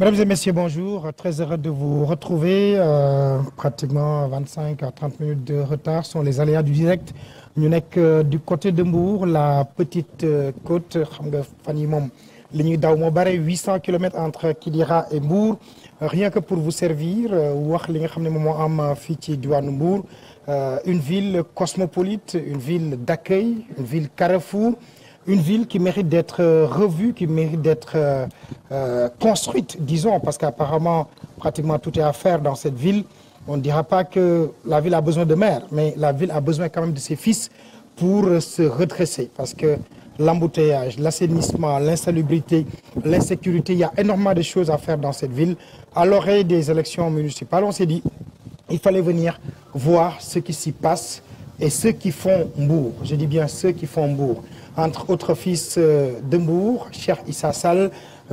Mesdames et messieurs, bonjour. Très heureux de vous retrouver. Euh, pratiquement 25 à 30 minutes de retard sont les ñu nekk euh, du côté de Mbour la petite euh, côte xam nga fan yi moom li ñuy daw moo bare 800 kilomètres entre Kidira et Mbour rien que pour vous servir euh, wax li nga xam ne moom moo am fii ci diwaanu Mbour une ville cosmopolite une ville d'accueil une ville carrefour une ville qui mérite d'être euh, revue, qui mérite d'être euh, euh, construite, disons, parce qu'apparemment, pratiquement tout est à faire dans cette ville. On ne dira pas que la ville a besoin de maire, mais la ville a besoin quand même de ses fils pour euh, se redresser, parce que l'embouteillage, l'assainissement, l'insalubrité, l'insécurité, il y a énormément de choses à faire dans cette ville. À l'orée des élections municipales, on s'est dit, il fallait venir voir ce qui s'y passe et ceux qui font Mbour. Je dis bien ceux qui font Mbour. entre autres fils euh, de Mbour Cheikh Issa Sall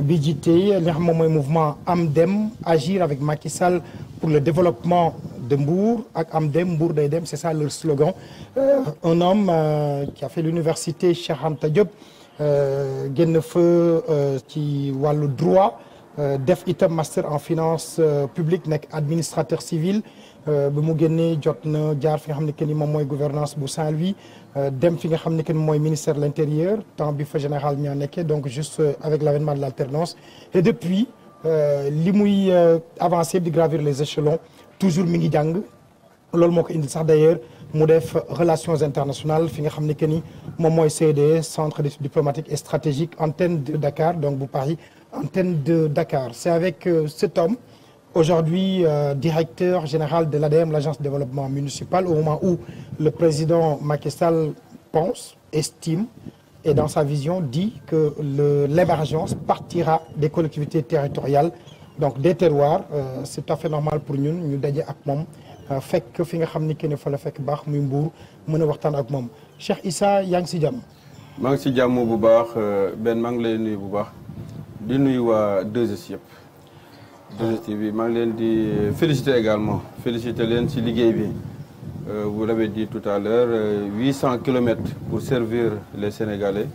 bi jiite li nga xam moom mooy mouvement Am Dem agir avec Macky Sall pour le développement de Mbour ak Am Dem Mbour day dem c'est ça leur slogan euh, un homme euh, qui a fait l'université Cheikh Anta Diop génn fa ci wàllu droit def itam master en finance publique nekk administrateur civil ba mu génnee jot na jaar fi nga xam ne que ni moom mooy gouvernance bu Saint-Louis Euh, dem fi nga xam ne que mooy ministère de l'intérieur temps bi fa général ñaa nekkee donc juste euh, avec l'avènement de l'alternance et depuis euh, li muy avancé di gravir les échelons toujours mi ngi jàng loolu moo ko indil sax d'ailleurs mu def relations internationales fi nga xam ne que ni moom mooy CDE centre d'études diplomatiques et stratégiques antenne de Dakar donc bu Paris antenne de Dakar c'est avec cet homme aujourd'hui euh, directeur général de l'ADM, l'agence de développement municipal, au moment où le président Macky Sall pense, estime, et dans sa vision dit que l'émergence partira des collectivités territoriales donc des terroirs euh, c'est tout à fait normal pour ñun ñu daje ak moom euh, fekk fi nga xam ni kenn fa la fekk baax muy mbuur mën a waxtaan ak moom Cheikh Issa yaa ngi si jàmm. maa ngi si jàmm bu baax euh, benn maa ngi lay nuyu bu baax di nuyu waa 2 2 maa ngi leen di euh, féliciter également féliciter leen ci liggéey bi euh, vous l'avez dit tout à l'heure euh, huit cent kilomètres pour servir les Sénégalais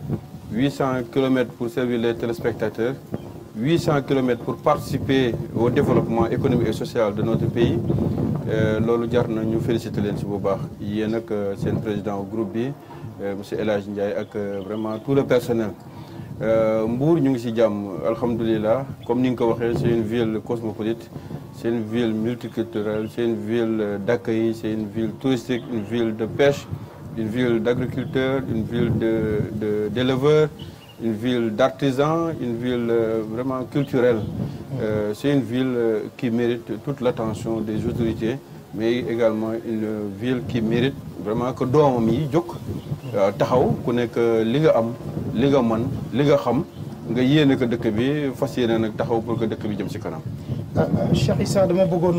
huit cent kilomètres pour servir les téléspectateurs huit cent kilomètres pour participer au développement économique et social de notre pays loolu jar na ñu leen ci bu baax yéen nag seen président groupe bi monsieur El Hadj Ndiaye ak vraiment tout le personnel Euh, Mbour ñu ngi si jàmm alhamdulillah comme ni nga ko waxee c'est une ville cosmopolite c'est une ville multiculturelle c'est une ville d'accueil c'est une ville touristique une ville de pêche une ville d'agriculteurs une ville de de d'éleveurs une ville d'artisans une ville euh, vraiment culturelle euh, c'est une ville qui mérite toute l'attention des autorités mais également une ville qui mérite vraiment que doomam yi jóg euh, taxaw ku nekk euh, li nga am li nga man li nga xam nga yéene ko dëkk bi fas yéene nag taxaw pour que dëkk bi jëm ci kanam. Ah, euh, Cheikh Issa dama bëggoon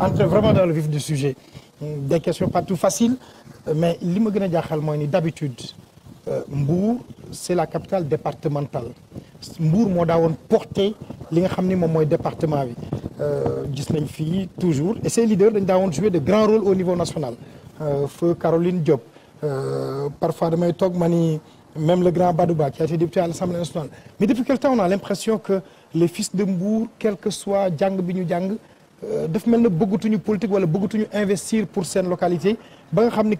entrer vraiment dans le vif de sujet des questions pas tout mais li ma gën a jaaxal mooy ni d'habitude Euh, Mbour c'est la capitale départementale Mbour moo daawoon porté li nga xam ni moom mooy département bi euh, gis nañ fii toujours et ces leaders dañ daawoon jouer de grands rôles au niveau national euh, feu Caroline Diop parfois damay toog ma ni même le grand Badouba qui a été député à l'Assemblée nationale mais depuis quel temps on a l'impression que les fils de Mbour quel que soit jàng bi ñu jàng daf mel na bëggatuñu politique wala bëggatuñu investir pour seen localité ba xam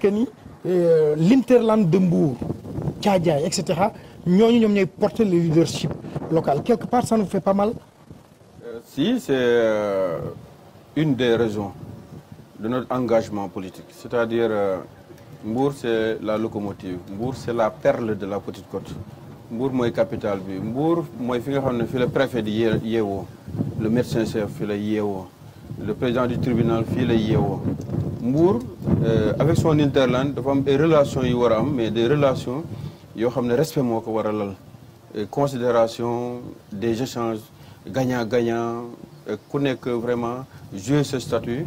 Euh, l'Interland de Mbour Thiadiaye et cetera ñooñu ñoom ñooy porter le leadership local quelque part ça nous fait pas mal. Euh, si c'est euh, une des raisons de notre engagement politique c'est-à-dire Mbour c'est la locomotive Mbour c'est la perle de la Petite Côte. Mbour mooy capital bi Mbour mooy fi nga xam ne fi la préfet di yeewoo le médecin chef fi la yeewoo. le président du tribunal fii lay yeewoo Mbour euh, avec son interland dafa am ay relations yu war a am mais des relations yoo xam ne respect moo ko war a lal euh, considération des échanges gagnant gagnant euh, ku nekk vraiment jouer ce statut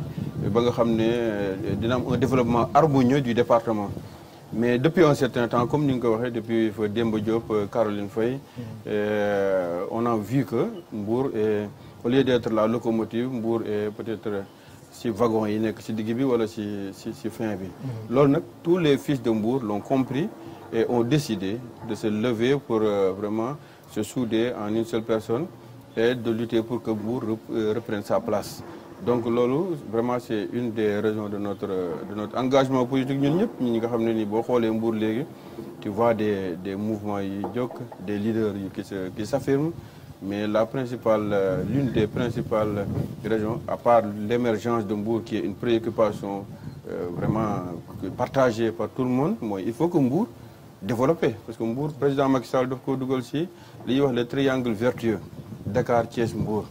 ba nga xam ne dina am un développement harmonieux du département mais depuis un certain temps comme ni nga ko waxee depuis fa Demba Diop Caroline Faye mm. on a vu que Mbour au lieu d'être la locomotive Mbour e peut-être si wagon yi nekk si digg bi wala ci ci ci fin bi mm-hmm. loolu nag tous les fils de Mbour l'ont compris et ont décidé de se lever pour euh, vraiment se souder en une seule personne et de lutter pour que Mbour euh, reprenne sa place donc loolu vraiment c'est une des raisons de notre de notre engagement politique ñun ñëpp ñi nga xam ne nii boo xoolee Mbour léegi tu vois des des mouvements yi jóg des leaders yi qui se qui s'affirment mais la principale, euh, l'une des principales raisons, à part l'émergence de Mbour qui est une préoccupation euh, vraiment partagée par tout le monde, moi, il faut que Mbour développe. Parce que Mbour, président Macky Sall, le triangle vertueux, Dakar, Thiès, Mbour.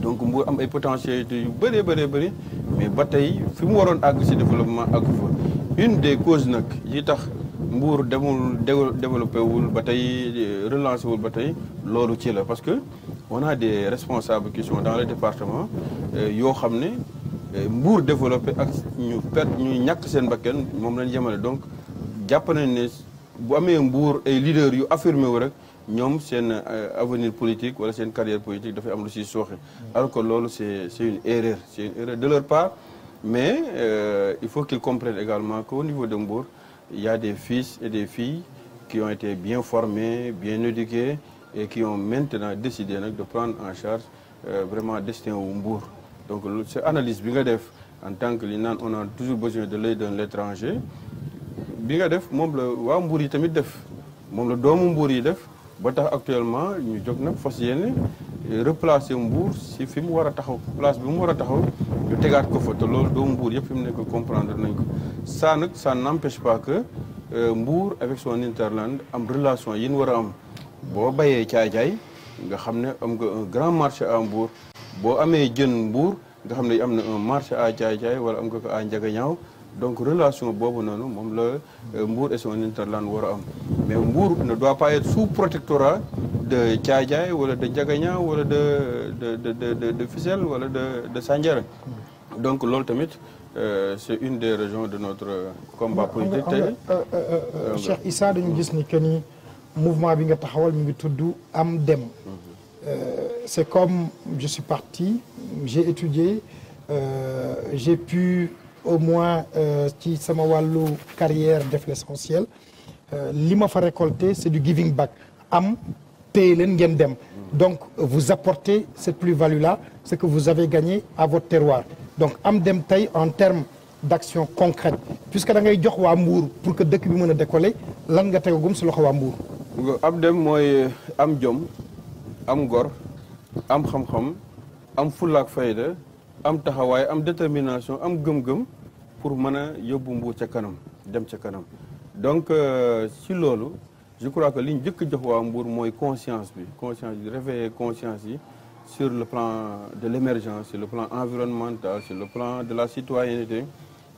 donc Mbour am ay potentialité yu bëree bëree bëri mais ba tey fi mu waroon àgg ci développement àggu fa une des causes nag yi tax mbuur demul développé wul ba tey relancé wul ba tey loolu ci la parce que on de des responsables dans le département euh, yoo xam ne euh, mbuur développé ak ñu per ñu ñàkk seen bakken moom lañ yemale donc jàpp nañ ne bu amee mbuur ay leaders yu affirmé wu rek ñoom seen euh, avenir politique wala seen carrière politique dafay am lu si sooxe alors loolu c'est c'est une erreur c'est une erreur de leur part mais il faut qu'ils comprennent également qu'au niveau de Mbour il des fils et des filles qui ont été bien formés, bien éduqués et qui ont maintenant décidé nag de prendre en charge euh, vraiment destin wu Mbour donc c'est analyse bi nga def en tant que li naan on a toujours besoin de l'aide d'un étranger bi nga def moom la waa Mbour yi tamit def moom la doomu mbuur yi def ba tax actuellement ñu jog nag fas yéene replacer Mbour si fi mu war a taxaw place bi mu war a taxaw ñu tegaat ko fa loolu doomu mbuur yëpp fi mu nekk comprendre nañ ko ça nag ça n'empêche pas que euh, Mbour avec son hinterland am relation yi ñu war a am boo bayee caay-caay nga xam ne am nga un grand marché à Mbour boo amee jën Mbour nga xam ne am na un marché à caay-caay wala am nga ko à Njagañaaw donc relation boobu noonu moom la euh, Mbour et son interland war am mais Mbour ne doit pas être sous protectorat de Thiadiaye wala de Ndiagaña wala de de de de de Fissel wala de de Sandiara donc loolu tamit euh, c'est une des régions de notre combat politique tey. Euh, Cheikh Issa dañu gis ni que mouvement bi nga taxawal mi ngi tudd am dem. c'est comme je suis parti j'ai étudié euh, j'ai pu. au moins euh, ci sama wàllu carrière def l'essentiel euh, li ma fa récolté c'est du giving back am paye leen ngeen dem donc vous apportez cette plus-value la ce que vous avez gagné à votre terroir donc am dem tey en terme d'action concrète puisque da ngay jox wa Mbour pour que dëkk bi mën a décoller lan nga tegagum si loxo waa Mbour. am dem mooy am jom am gor am xam-xam am fullaak fayda am taxawaay am détermination am gëm-gëm pour mën a yóbbu Mbour ca kanam dem ca kanam donc euh, si loolu je crois que li ñu njëkk jox waa Mbour mooy conscience bi conscience bi réveiller conscience yi sur le plan de l'émergence sur le plan environnemental sur le plan de la citoyenneté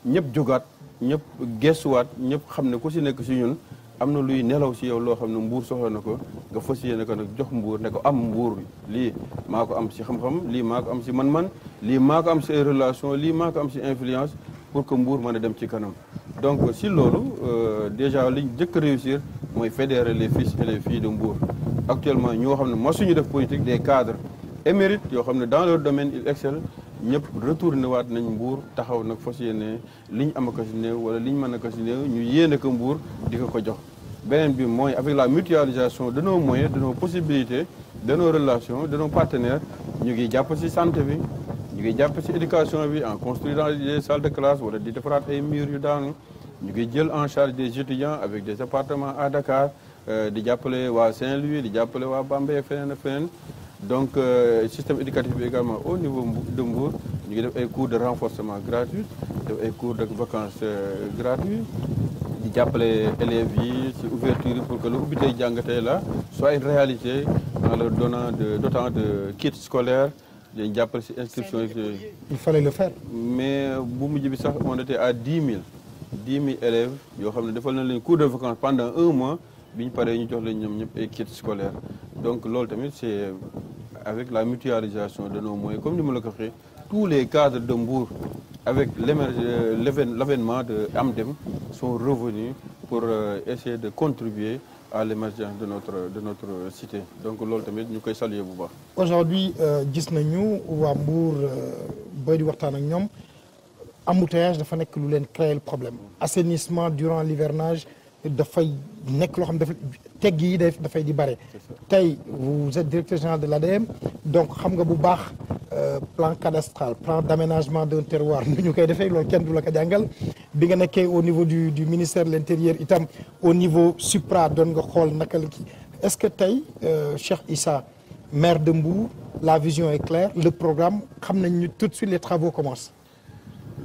ñëpp jógaat ñëpp gestuwaat ñëpp xam ne ku si nekk si ñun am na luy nelaw ci yow loo xam ne mbuur soxla na ko nga fas yéene ko na jox mbuur na ko am mbuur lii maako am si xam-xam lii maa am si man-man lii maako am ci relation lii maa am si influence pour que mbuur mën a dem ci kanam donc si loolu euh, déjà liñ jëkk réussir mooy fédérer les fils et les filles de Mbour actuellement ñoo xam ne masuñu def politique des cadres émérites yoo xam ne dans leur domaine ils excellent ñëpp retourné waat nañ mbuur taxaw nag fas yéene liñ am a ko wala liñ mën a ko ñu yéene ko mbuur di ko ko jox beneen bi mooy avec la mutualisation de nos moyens de nos possibilités de nos relations de ñu ngi jàpp si santé bi ñu ngi jàpp si éducation bi en construisant des salles de classe wala di defaraat ay miir yu daanu ñu ngi jël en charge des étudiants avec des appartements à Dakar euh, di jàppale waa Saint-Louis di jàppale waa Bambey feneen feneen donc euh, système éducatif bi également au niveau de Mbour ñu ngi def ay cours de renforcement gratuit def ay cours de vacances euh, gratuits di jàppale élèves yi ci ouverture yi pour que lu ubbi tey la soit une réalité en leur donnant de d'autant de kits scolaires dañ jàppale ci inscription il fallait le faire mais bu mujj bi sax on était à dix mille dix mille élèves yoo xam ne defal nañ leen cours de vacances pendant un mois bi ñu paree ñu jox leen ñoom ñëpp ay kits donc loolu tamit c'est avec la mutualisation de nos moyens, comme nous me le créé, tous les cadres de Mbourg, avec euh, l'avènement de Amdem, sont revenus pour euh, essayer de contribuer à l'émergence de notre, de notre cité. Donc, nous pouvons saluer vous. Aujourd'hui, nous euh, avons Mbour, nous avons embouteillage dafa nekk lu leen créer le problème assainissement durant l'hivernage dafay nekk loo xam dafa tegg yi dafay di bare tey vous êtes directeur général de l'ADM donc xam nga bu baax euh, plan cadastral plan d'aménagement d'un terroir nu ñu koy defee loolu kenn du la jàngal bi nga nekkee au niveau du du ministère de l'intérieur itam au niveau supra doon nga xool naka la kii est-ce que tey euh, Cheikh Issa maire de Mbour la vision est claire le programme xam nañ ñu tout de suite les travaux commencent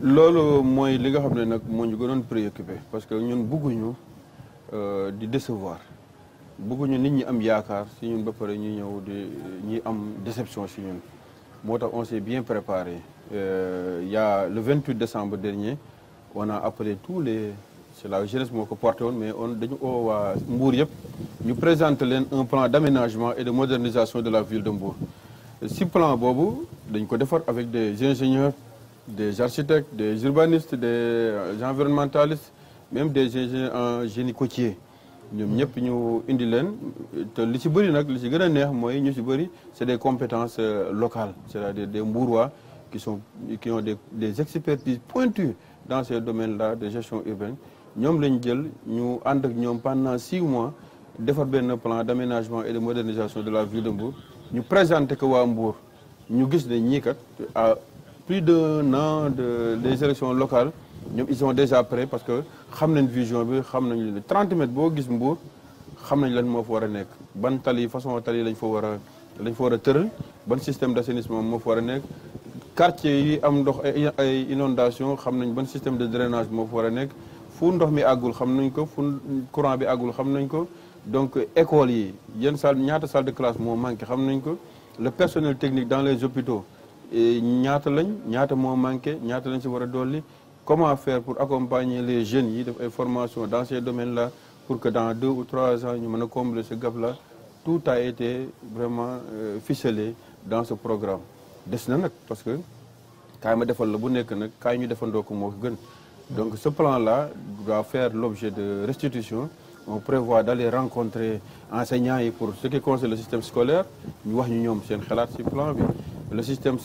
loolu mooy li nga xam ne nag moo ñu gënoon préoccupé parce que ñun bugguñu Euh, di décevoir bëgguñu nit ñi am yaakaar si ñun ba pare ñu ñëw di ñi am déception si ñun moo tax on s'est bien préparé il euh, y a le 28 décembre dernier on a appelé tous les c'est la jeunesse moo ko porté on mais on dañu oo waa Mbour yëpp ñu présente leen un plan d'aménagement et de modernisation de la ville de Mbour si plan boobu dañ ko defar avec des ingénieurs des architectes des urbanistes des environnementalistes même des GG en euh, génie côtier ñoom ñëpp ñu indi leen te li ci bëri nag li ci gën a neex mooy ñu si bëri c'est des compétences euh, locales c'est-à-dire des Mourois qui sont qui des des expertises pointues dans ces domaines-là de gestion urbaine ñoom lañ jël ñu ànd ak ñoom pendant six mois defar benn plan d'aménagement et de modernisation de la ville de Mbour ñu présenté ko waa Mbour ñu gis ne ñii kat à plus de an de des élections locales ñoom ils sont déjà prêts parce que xam nañ vision bi xam nañ leen 30 mètres boo gis mbuur xam nañ lan moo fa war a nekk ban tali façon tali lañ fa war a lañ fa a tëral ban système d' assainissement moo fa war a nekk quartier yi am ndox ay inondation xam nañ ban système de drainage moo fa war a nekk fu ndox mi agul xam nañ ko fu courant bi agul xam nañ ko donc école yi yenn salle ñaata salle de classe moo manqué xam nañ ko le personnel technique dans les hôpitaux eh, ñaata lañ ñaata moo manqué ñaata lañ si war a dolli comment fair pour accompagner les jeunes yi def ay formations dans ces domaines-là pour que dans deux ou trois ans ñu mën a combler ce gap-là tout a été vraiment euh, ficelé dans ce programme des na nag parce que kaay ma defal la bu nekk nag kaay ñu defandoo ko moo gën donc ce plan-là doit faire l'objet de restitution on prévoit les rencontrer enseignants yi pour ce qui concerne le système scolaire ñu wax ñu ñoom seen xalaat si plan bi le système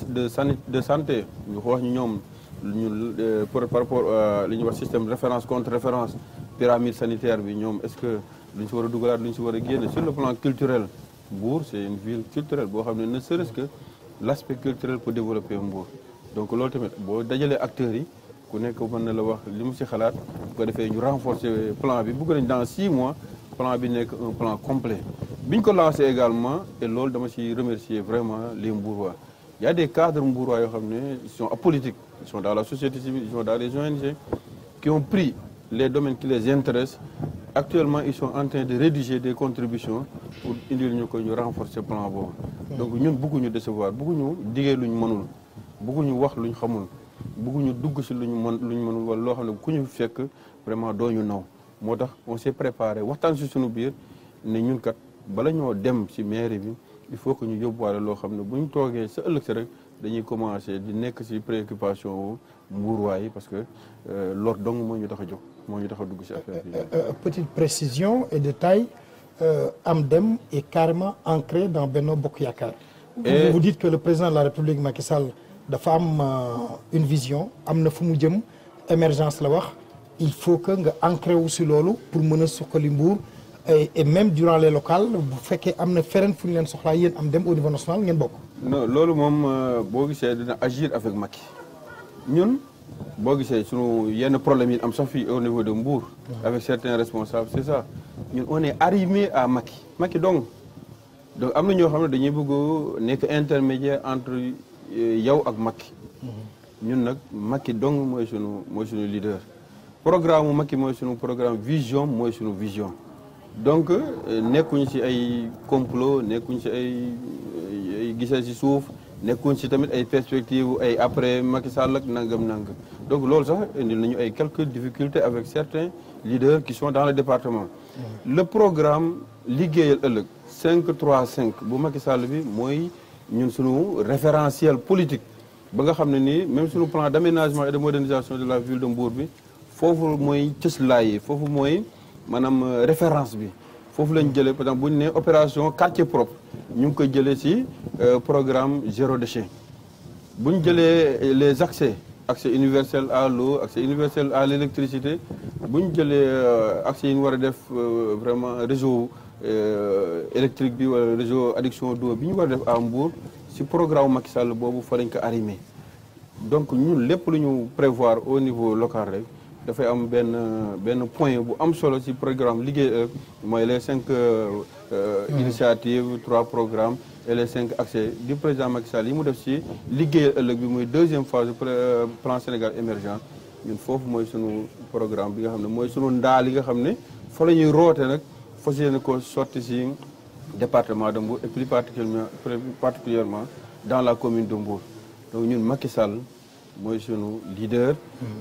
de santé ñu wax ñoom lu ñu euh, par rapport euh, li ñuy wax système référence contre référence pyramide sanitaire bi ñoom est-ce que lu ñu si war a dugalaat lu ñu si war a génne sur le plan culturel Mbour c'est une ville culturelle boo xam ne ne serait-ce que l'aspect culturel pour développer Mbour donc loolu tamit boo dajalee acteurs yi ku nekk mën na la wax li mu si xalaat bu ko defee ñu renforcer plan bi bëgg nañ dans six mois plan bi nekk un plan complet bi ñu ko lancé également et loolu dama si remercier vraiment les Mbourois y a des cadres yoo xam ne ils sont apolitiques ils sont dans la société civile ils sont dans les ONG qui ont pris les domaines qui les intéressent actuellement ils sont en train de rédiger des contributions pour indil ñu ko ñu renforcer plan boobu donc ñun bëgguñu décevoir bëgguñu digee luñ mënul bëgguñu wax lu ñu xamul bëgguñu dugg si luñ mën luñ mënul wala loo xam ne ku ñu fekk vraiment doo ñu naw moo tax on s'est préparé waxtaan si suñu biir ne ñun kat bala ñoo dem si mairie bi il faut que ñu yóbbuwaale loo xam ne bu ñu toogee sa ëllëg sa rek dañuy commencé di nekk si préoccupation wu mbuurwaay parce que euh, lor dong moo ñu tax a jóg moo ñu tax a dugg ci affaire bi. Euh, euh, petite précision et détail euh, Amdem est carrément ancré dans Benno Bokk Yaakaar. et vous que le président de la République Macky Sall dafa am euh, une vision am na fu mu jëm émergence la wax il faut que nga ancré wu ci loolu pour mën a suqali mbuur. et même durant les locales bu fekkee am na feneen fu ñu leen soxlaa yéen am dem au niveau national ngeen bokk. no loolu moom euh, boo gisee dina agir avec Macky ñun boo gisee sunu yenn problème yi am sax fii au niveau de Mbour. avec certains responsables c'est ça ñun on est arrivé à Macky Macky donc donc am na ñoo xam ne dañuy bëgg nekk intermédiaire entre euh, yow ak Macky. Mm-hmm. ñun nag makki dong mooy sunu mooy sunu leader programme mu Macky mooy sunu programme vision mooy sunu vision. donc euh, nekkuñu ci ay complot nekkuñ ci ay ay gisee ci suuf nekkuñ ci tamit ay perspectives ay après Macky Sall ak nangam nangam donc loolu sax indil nañu ay quelques difficultés avec certains leaders qui sont dans le département. le programme liggéeyal ëllëg 5 3 5 bu Macky Sall bi mooy ñun sunu référentiel politique ba nga xam ne nii même sunu plan d' aménagement et de modernisation de la ville de Mbour bi foofu mooy cëslaay yi foofu mooy. maanaam euh, référence bi foofu lañ jëlee par exemple bu ñu nee opération quartier propre ñu ngi koy jëlee si euh, programme zéro déchet bu ñu jëlee euh, les accès accès universelle à l'eau accès universel à l'électricité bu ñu jëlee accès yi ñu war a def vraiment réseau électrique bi wala réseau adduction d'eau bi ñu war def à Mbour ci programme Macky Sall boobu fa lañ ko arrimé donc ñun lépp lu ñu prévoir au niveau local rek dafay am benn benn point bu am solo ci programme liggéey euh, mooy les cinq euh, euh, hmm. initiatives trois programmes et les cinq accès di président Macky yi mu def ci liggéey ëllëg bi muy deuxième phase plan Sénégal émergent ñun foofu mooy sunu programme bi nga xam ne mooy sunu ndaal yi nga xam ne fa la ñuy roote nag fas yéene ko sotti ci département de Mbour et plus particulièrement dans la commune de Mbour donc ñun Macky mooy sunu leader.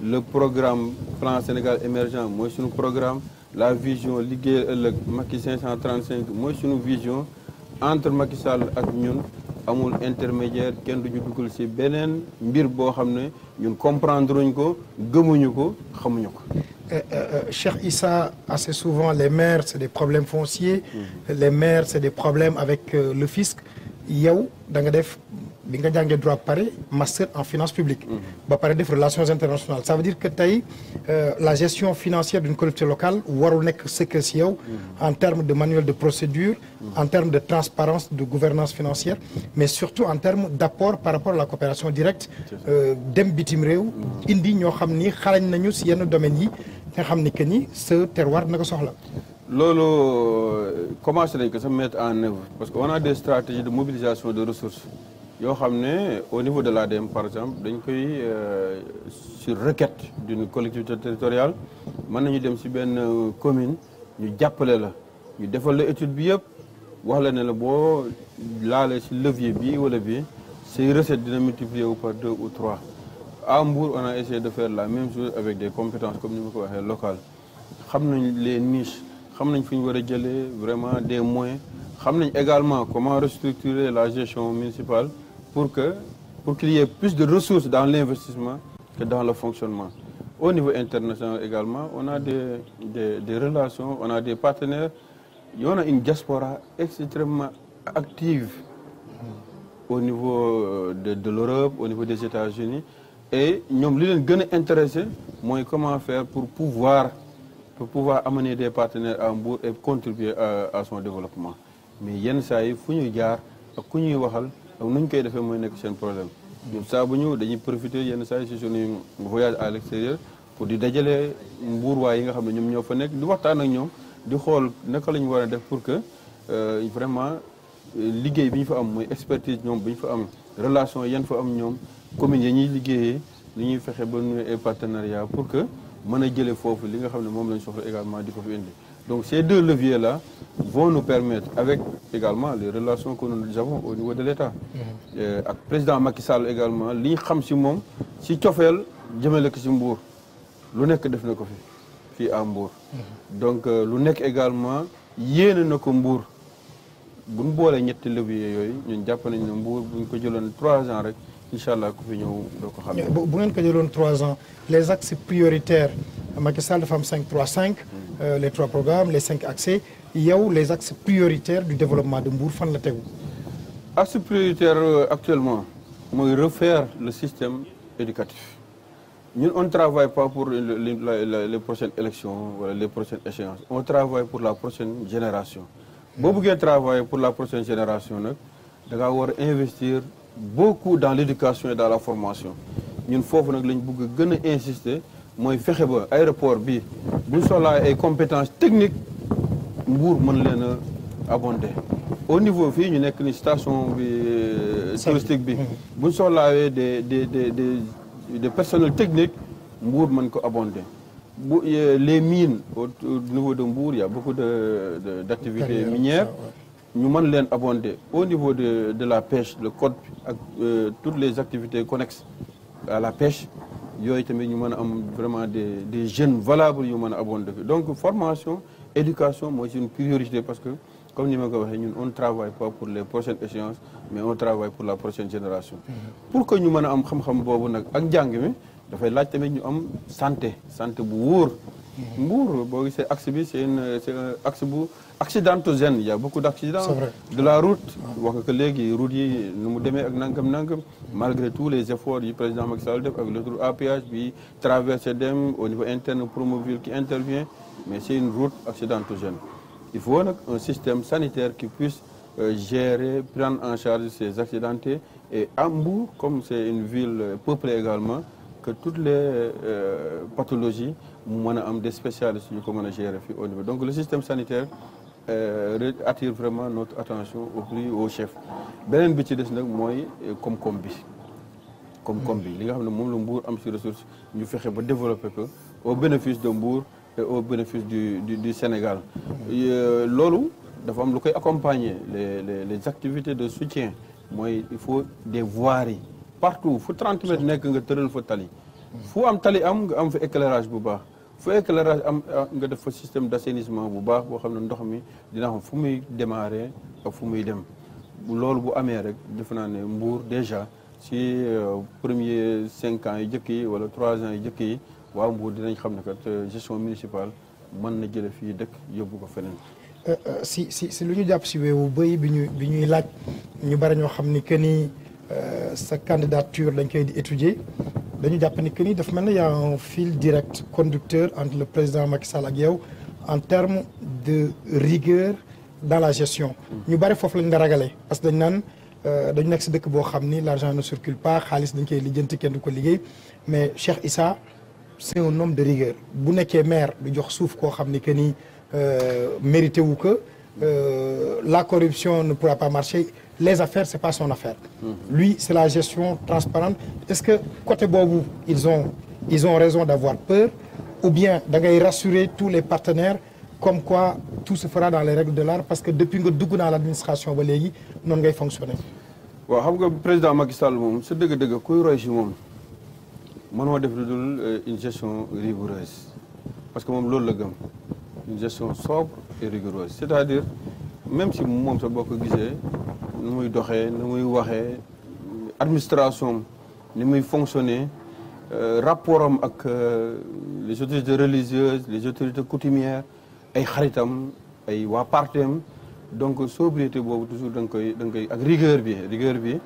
le programme plan Sénégal émergent mooy sunu programme la vision liggéey ëllëg Macky 535 mooy sunu vision entre Macky Sall ak ñun amul intermédiaire kenn duñu dugal ci beneen mbir boo xam ne ñun comprendre uñ ko gëmuñu ko xamuñu ko. Eh, eh, eh, Cheikh Issa assez souvent les maires c'est des problèmes fonciers. Mm-hmm. les maires c'est des problèmes avec euh, le fisc yow da nga def. bi nga jàngee droit Paris master en finance publique. Mm-hmm. ba pare def relations internationales ça veut dire que tey euh, la gestion financière d'une collectivité locale warul nekk secret si yow. Mm-hmm. en termes de manuel de procédure. Mm-hmm. en termes de transparence de gouvernance financière mais surtout en termes d'apport par rapport à la coopération directe. Euh, dem bitim réew. indi ñoo xam ni xarañ nañu si yenn domaines yi nga xam ni que ni sa terroir na ko soxla. loolu euh, commencé nañ ko sax mettre en œuvre parce que on a des stratégies de mobilisation de ressources. yoo xam ne au niveau de la dem par exemple dañ koy euh, sur requête d'une collectivité territoriale mën nañu dem si benn commune ñu jàppale la ñu defal la étude bi yëpp wax la ne la boo laalee si levier bi wala bi si recet dina multiplier wu par deux ou trois à Mbour on a de faire la même chose avec des compétences comme ni ma ko waxee locales xam nañ les niches xam nañ fi ñu war a jëlee vraiment des moins xam nañ également comment restructurer la gestion municipale pour que pour qu'il y plus de ressources dans l'investissement que dans le fonctionnement. Au niveau international également, on a des, relations, on a des partenaires. Il a une diaspora extrêmement active au niveau euh, de, de l'Europe, au niveau des États-Unis. Et ñoom li leen gën a intéressé mooy comment faire pour pouvoir pour pouvoir amener des partenaires en Mbour et contribuer à, son développement mais yenn saa fu ñuy jaar ak ku ñuy waxal donc nu ñu koy defee mooy nekk seen problème ñun saa bu ñëw dañuy profiter yenn saa yi si suñuy voyage à pour di dajale mbuurwaay yi nga xam ne ñoom ñoo fa nekk di waxtaan ak ñoom di xool naka la ñu war a def pour que euh, vraiment liggéey bi ñu fa am mooy expertise ñoom bi ñu fa am relation yan fa am ñoom commune yi ñuy liggéeyee li ñuy fexe ba nuyu ay partenariat pour que mën a jëlee foofu li nga xam ne moom la soxla également di ko fi indi Donc ces deux levier la vont nous permettre, avec également les relations que nous avons au niveau de l'État, ak mhm. euh, ak président Macky Sall également li ñu xam si moom si cofeel jëmale ko si Mbour lu nekk def na ko fi fii à Mbour. Mhm. donc euh, lu nekk également yéene na ko Mbour bu ñu boolee ñetti leviers yooyu ñun jàpp nañu ne Mbour bu ñu ko jëloon trois ans rek. incha allah ku fi ko xam ne bu ngeen ko jëloon trois ans les axes prioritaires Macky Sall dafa cinq 5 cinq hmm. euh, les trois programmes les cinq accès yow les axes prioritaires du développement de Mbour fan la tegu. axe prioritaire euh, actuellement mooy refaire le système éducatif ñu on travaille pas pour les prochaines élections wala les prochaines échéances on travaille pour la prochaine génération. boo hmm. bëggee travailler pour la prochaine génération nag da ngaa war a investir. beaucoup dans l'éducation et dans la formation ñun foofu nag lañ bëgg gën a insister mooy fexe ba aéroport bi buñ soxlaa ay compétences techniques mbuur mën leen a abondé au niveau fii ñu nekk ni station bi euh, touristique bi mm-hmm. buñ soxlaawee des des des des des personnels techniques mbuur mën ko abondé bu euh, les mines au niveau de Mbour y a beaucoup de d'activités minières ñu man leen abonder au niveau de de la pêche le code ak euh, toutes les activités connexes à la pêche yooyu tamit ñu mën a am vraiment des des jeunes valabre yu mën a abonder donc formation éducation mooy une priorité parce que comme ni ma ko waxee ñun on ne travaille pas pour les prochaines échéances mais on travaille pour la prochaine génération. pour que ñu mën a am xam-xam boobu nag ak njàng mi dafay laaj tamit ñu am santé santé bu wóor. Mbour boo gisee axe bi c'est une c'est un axe bu accidentogène il y a beaucoup de la route wax nga ko léegi route yi nu mu demee ak nangam nangam malgré tous les efforts yi président Macky Sall def ak l'autoroute à péage bi traversé dem au niveau interne Promoville qui intervient mais c'est une route accidentogène il faut nag un système sanitaire qui puisse euh, gérer prendre en charge ces et à Mbour c'est une ville euh, peuplée également que toutes les euh, pathologies mu mën a am des spécialistes yu ko mën a gérer fii au niveau donc le système sanitaire euh, attire vraiment notre attention au plus haut chef beneen bi ci des nag mooy euh, koom-koom bi koom-koom bi li nga xam ne moom la Mbour am si ressource ñu fexe ba développer ko au bénéfice de Mbour au bénéfice du du, du Sénégal euh, loolu dafa am lu koy accompagner les les les activités de soutien mooy il faut des voiries partout fu 30 mètres nekk nga tëral fa tali fu am tali am nga am fa éclairage bu baax fu éclairage am ah, nga def fa système d' assainissement bu baax boo xam ne ndox mi dina xam fu muy démarrer ak fu muy dem loolu bu amee rek defe naa ne Mbour déjà si euh, premier cinq ans yu jëkk yi wala trois ans yu jëkk yi waa mbuur dinañ xam ne kat euh, gestion municipale mën na jële fii dëkk yóbbu ko feneen euh, si si lu ñu jàpp si weewu bëy bi ñu bi ñuy laaj ñu bari ñoo xam ni que Euh, sa candidature koy di étudier dañu jàpp ni que ni dafa mel na y a un fil direct conducteur entre le président Macky Sall ak yow en terme de rigueur dans la gestion. ñu bari foofu lañ la ragalee parce que dañ naan euh, dañu nekk si dëkk boo xam ni l'argent ne circule pas xaalis dañ koy lijjanti kenn du ko liggéey mais Cheikh Issa c'est un homme de rigueur bu nekkee maire du jox suuf koo xam ni que ni euh, mérité wu ko la corruption ne pourra pas marcher. les affaires c'est pas son affaire mhm. lui c'est la gestion transparente est-ce que côté boobu ils ont ils ont raison d'avoir peur ou bien da ngay rassurer tous les partenaires comme quoi tout se fera dans les règles de l'art parce que depuis nga dugg dans l'administration ba léegi noonu ngay fonctionner waaw xam ga président Macky Sall moom sa dëgg-dëgg kuy roy si moom mënoo def lu dul euh, une rigoureuse parce que moom loolu la gëm une gestion sobre et rigoureuse même si moom sa boo ko gisee nu muy doxee nu muy waxee administration ni muy fonctionner euh, rapport am ak euh, les autorités religieuses les autorités coutumières ay xaritam ay waa partem donc sobriété boobu toujours da nga koy da nga koy ak rigueur bi rigueur bi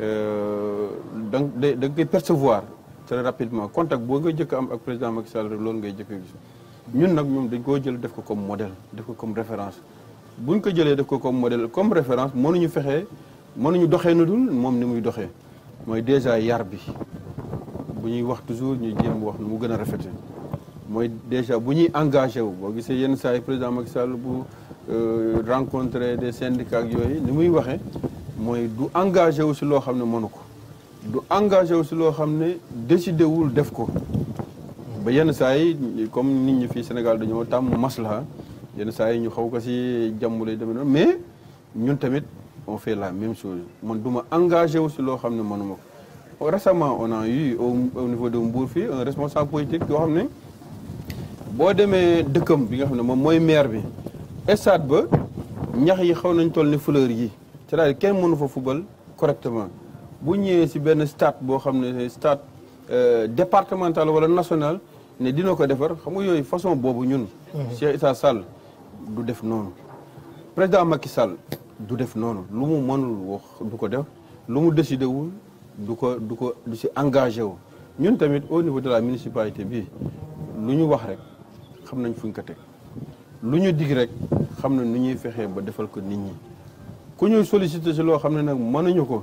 euh, da da nga koy percevoir très rapidement contact boo ngay jëkk am ak président Macky Sall loolu ngay jëkk gis ñun nag ñoom dañ koo jël def ko comme modèle def ko comme référence bu buñ ko jëlee def ko comme modèle comme référence mënuñu fexe mënuñu doxee nu dul moom ni muy doxee mooy déjà yar bi bu ñuy wax toujours ñu jéem wax nu mu gën a rafet rafete mooy déjà bu ñuy engagé wu boo gisee yenn saa yi président Macky Sall bu euh, rencontré des syndicats ak yooyu ni muy waxee mooy du engagé wu si loo xam ne mënu ko du engagé wu si loo xam ne décidé wul def ko ba yenn saa yi comme nit ñi fii Sénégal dañoo tàmm maslaha yenn saa yi ñu xaw ko si jàmm lay demee noonu mais ñun tamit on fait la même chose man duma engagé wu si loo xam ne manuma ko récemment on a eu au niveau de Mbour fii un responsable politique yoo xam ne boo demee dëkkam bi nga xam ne moom mooy maire bi stade ba ñax yi xaw nañ toll ne fleur yi cest à kenn mënu fa fubal correctement bu ñëwee si benn state boo xam ne stade euh, départemental wala national ne dina ko defar xam nga yooyu façon boobu ñun mhm. Cheikh Issa Sall du def noonu président Macky Sall du def noonu lu mu mënul wax du ko def lu mu décidé wul du ko du ko du si engagé wu ñun tamit au niveau de la municipalité bi lu ñu wax rek xam nañ fu ñu ko teg lu ñu digg rek xam na nu ñuy fexee ba defal ko nit ñi ku ñuy sollicité si loo xam ne nag mënuñu ko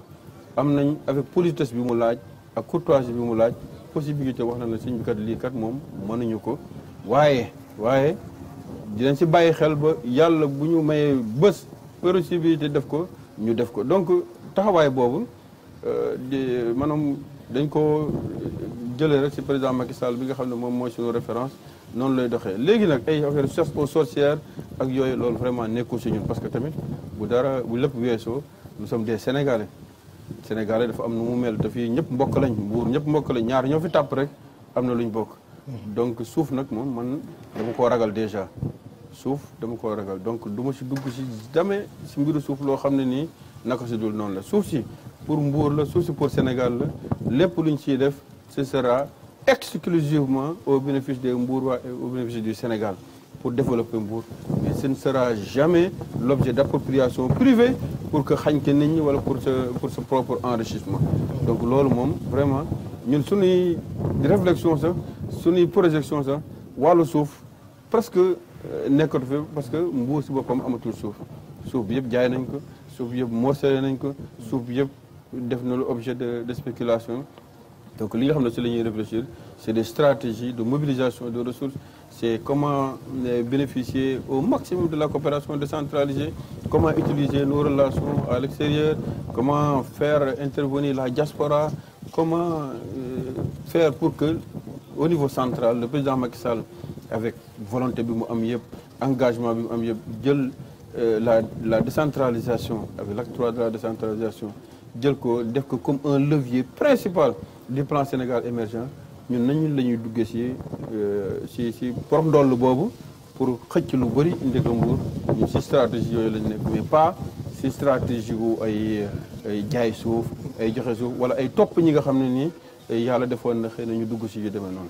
am nañ avec politesse bi mu laaj ak courtoisie bi mu laaj possibilité wax na ne sëñ bi kat lii kat moom mënuñu ko waaye waaye dinañ si bàyyi xel ba yàlla bu ñu mayee bés possibilité def ko ñu def ko donc taxawaay boobu euh, di maanaam dañ ko jëlee rek si président Macky Sall bi nga xam ne moom mooy suñu référence noonu lay doxee léegi nag ay affaire chasse aux sorcières ak yooyu loolu vraiment nekkul si ñun parce que tamit bu dara bu lépp weesoo nous sommes des sénégalais sénégalais dafa am nu mu mel te fii ñëpp mbokk lañ buur ñëpp mbokk lañ ñaar ñoo fi tàpp rek am na lu ñu bokk donc suuf nag moom man dama koo ragal déjà suuf dama koo ragal donc du ma si dugg si jamais si mbiru suuf loo xam ne nii naka si dul noonu la suuf si pour Mbour la suuf si pour Sénégal la lépp lu ñu ciy def ce sera exclusivement au bénéfice des Mbourois et au bénéfice du Sénégal pour développer Mbour mais ce ne sera jamais l'objet d'appropriation privée pour que xañ ke nit ñi wala pour sa pour sa propre enrichissement donc loolu moom vraiment ñun suñuy réflexion sax suñuy projection sax wàllu suuf presque euh, nekkatu fi parce que mbuur si boppam amatul suuf suuf bi yëpp jaay nañ ko suuf bi yëpp morcelé nañ ko suuf bi yëpp def na lu objet de de spéculation donc li nga xam ne si la ñuy réfléchir c' est des stratégies de mobilisation de ressources c' est comment euh, bénéficier au maximum de la coopération décentralisée comment utiliser nos relations à l' extérieur comment faire intervenir la diaspora comment euh, faire pour que au niveau central le président Macky Sall avec volonté bi mu am yëpp engagement bi mu am yëpp jël euh, la la décentralisation avec l'acte 3 de la décentralisation jël ko def ko comme un levier principal du plan Sénégal émergent ñun nañu la ñuy duggee si si si borom ndoll boobu pour xëcc lu bëri indi ko nguur si stratégie yooyu lañu nekk mais pas si wu ay jaay suuf ay joxe suuf wala ay topp ñi nga xam ne nii yàlla defoon na xëy na ñu dugg si yu demee noonu.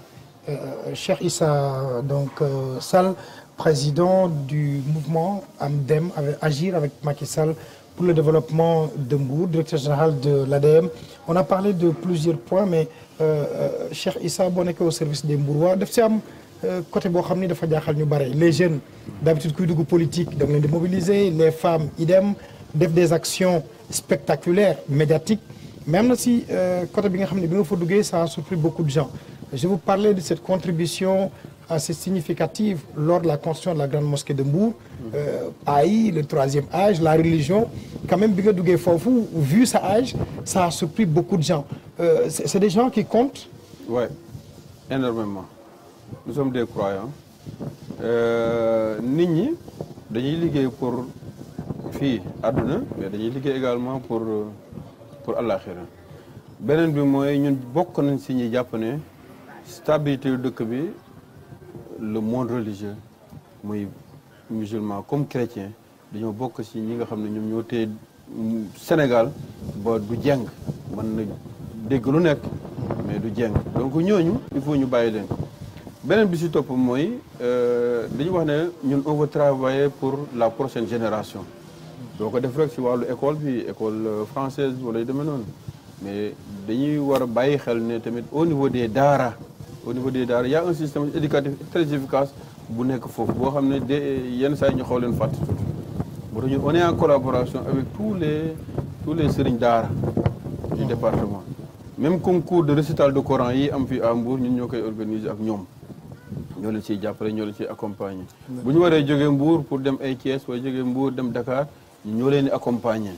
Euh, euh, Cheikh Issa donc euh, Sall président du mouvement AMDEM avec Agir avec Macky Sall pour le développement de Mbour directeur général de l'ADM on a parlé de plusieurs points mais euh, euh, Cheikh Issa boo nekkee au service des Mbourois daf si am euh, côté boo xam ni dafa jaaxal ñu bare les jeunes d'habitude kuy dugg politique da nga leen di mobiliser les femmes idem def des actions spectaculaires médiatiques mais na si euh, côté bi nga xam ne bi nga fa duggee ça a surpris beaucoup de gens je vous parlais de cette contribution assez significative lors de la construction de la grande mosquée de Mbour euh, AI le troisième âge la religion quand même bi nga duggee foofu vu sa âge ça a surpris beaucoup de gens euh, c'est des gens qui comptent ouais énormément nous sommes des croyants euh, nit ñi dañuy liggéey pour fii àdduna mais dañuy liggéey également pour pour àllaaxira beneen bi mooy ñun bokk nañ si ñi jàpp ne stabilité yu dëkk bi le monde religieux muy musulman comme chrétien dañoo bokk si ñi nga xam ne ñoom ñoo téye Sénégal ba du jeng mën na dégg lu nekk mais du jeng donc ñooñu il faut ñu bàyyi leen beneen bi si topp mooy euh, dañu wax ne ñun on veut travailler pour la prochaine génération doo ko def rek si wàllu école bi école euh, française wala yu demee noonu mais dañuy war a bàyyi xel ne tamit au niveau des daara au niveau des daara y a un système éducatif très efficace bu nekk foofu boo xam ne de yenn saa yi ñu xaw leen fàtte tuuti moo tax ñun on est en collaboration avec tous les tous les sëriñ daara du hmm. département même concours de récital de Coran yi am fi à Mbour ñun koy organiser ak ñoom ñoo ciy jàppale ñoo leen accompagner. bu ñu waree jógee Mbour pour dem ay Thiès wala jógee Mbour dem Dakar ñoo leen di accompagner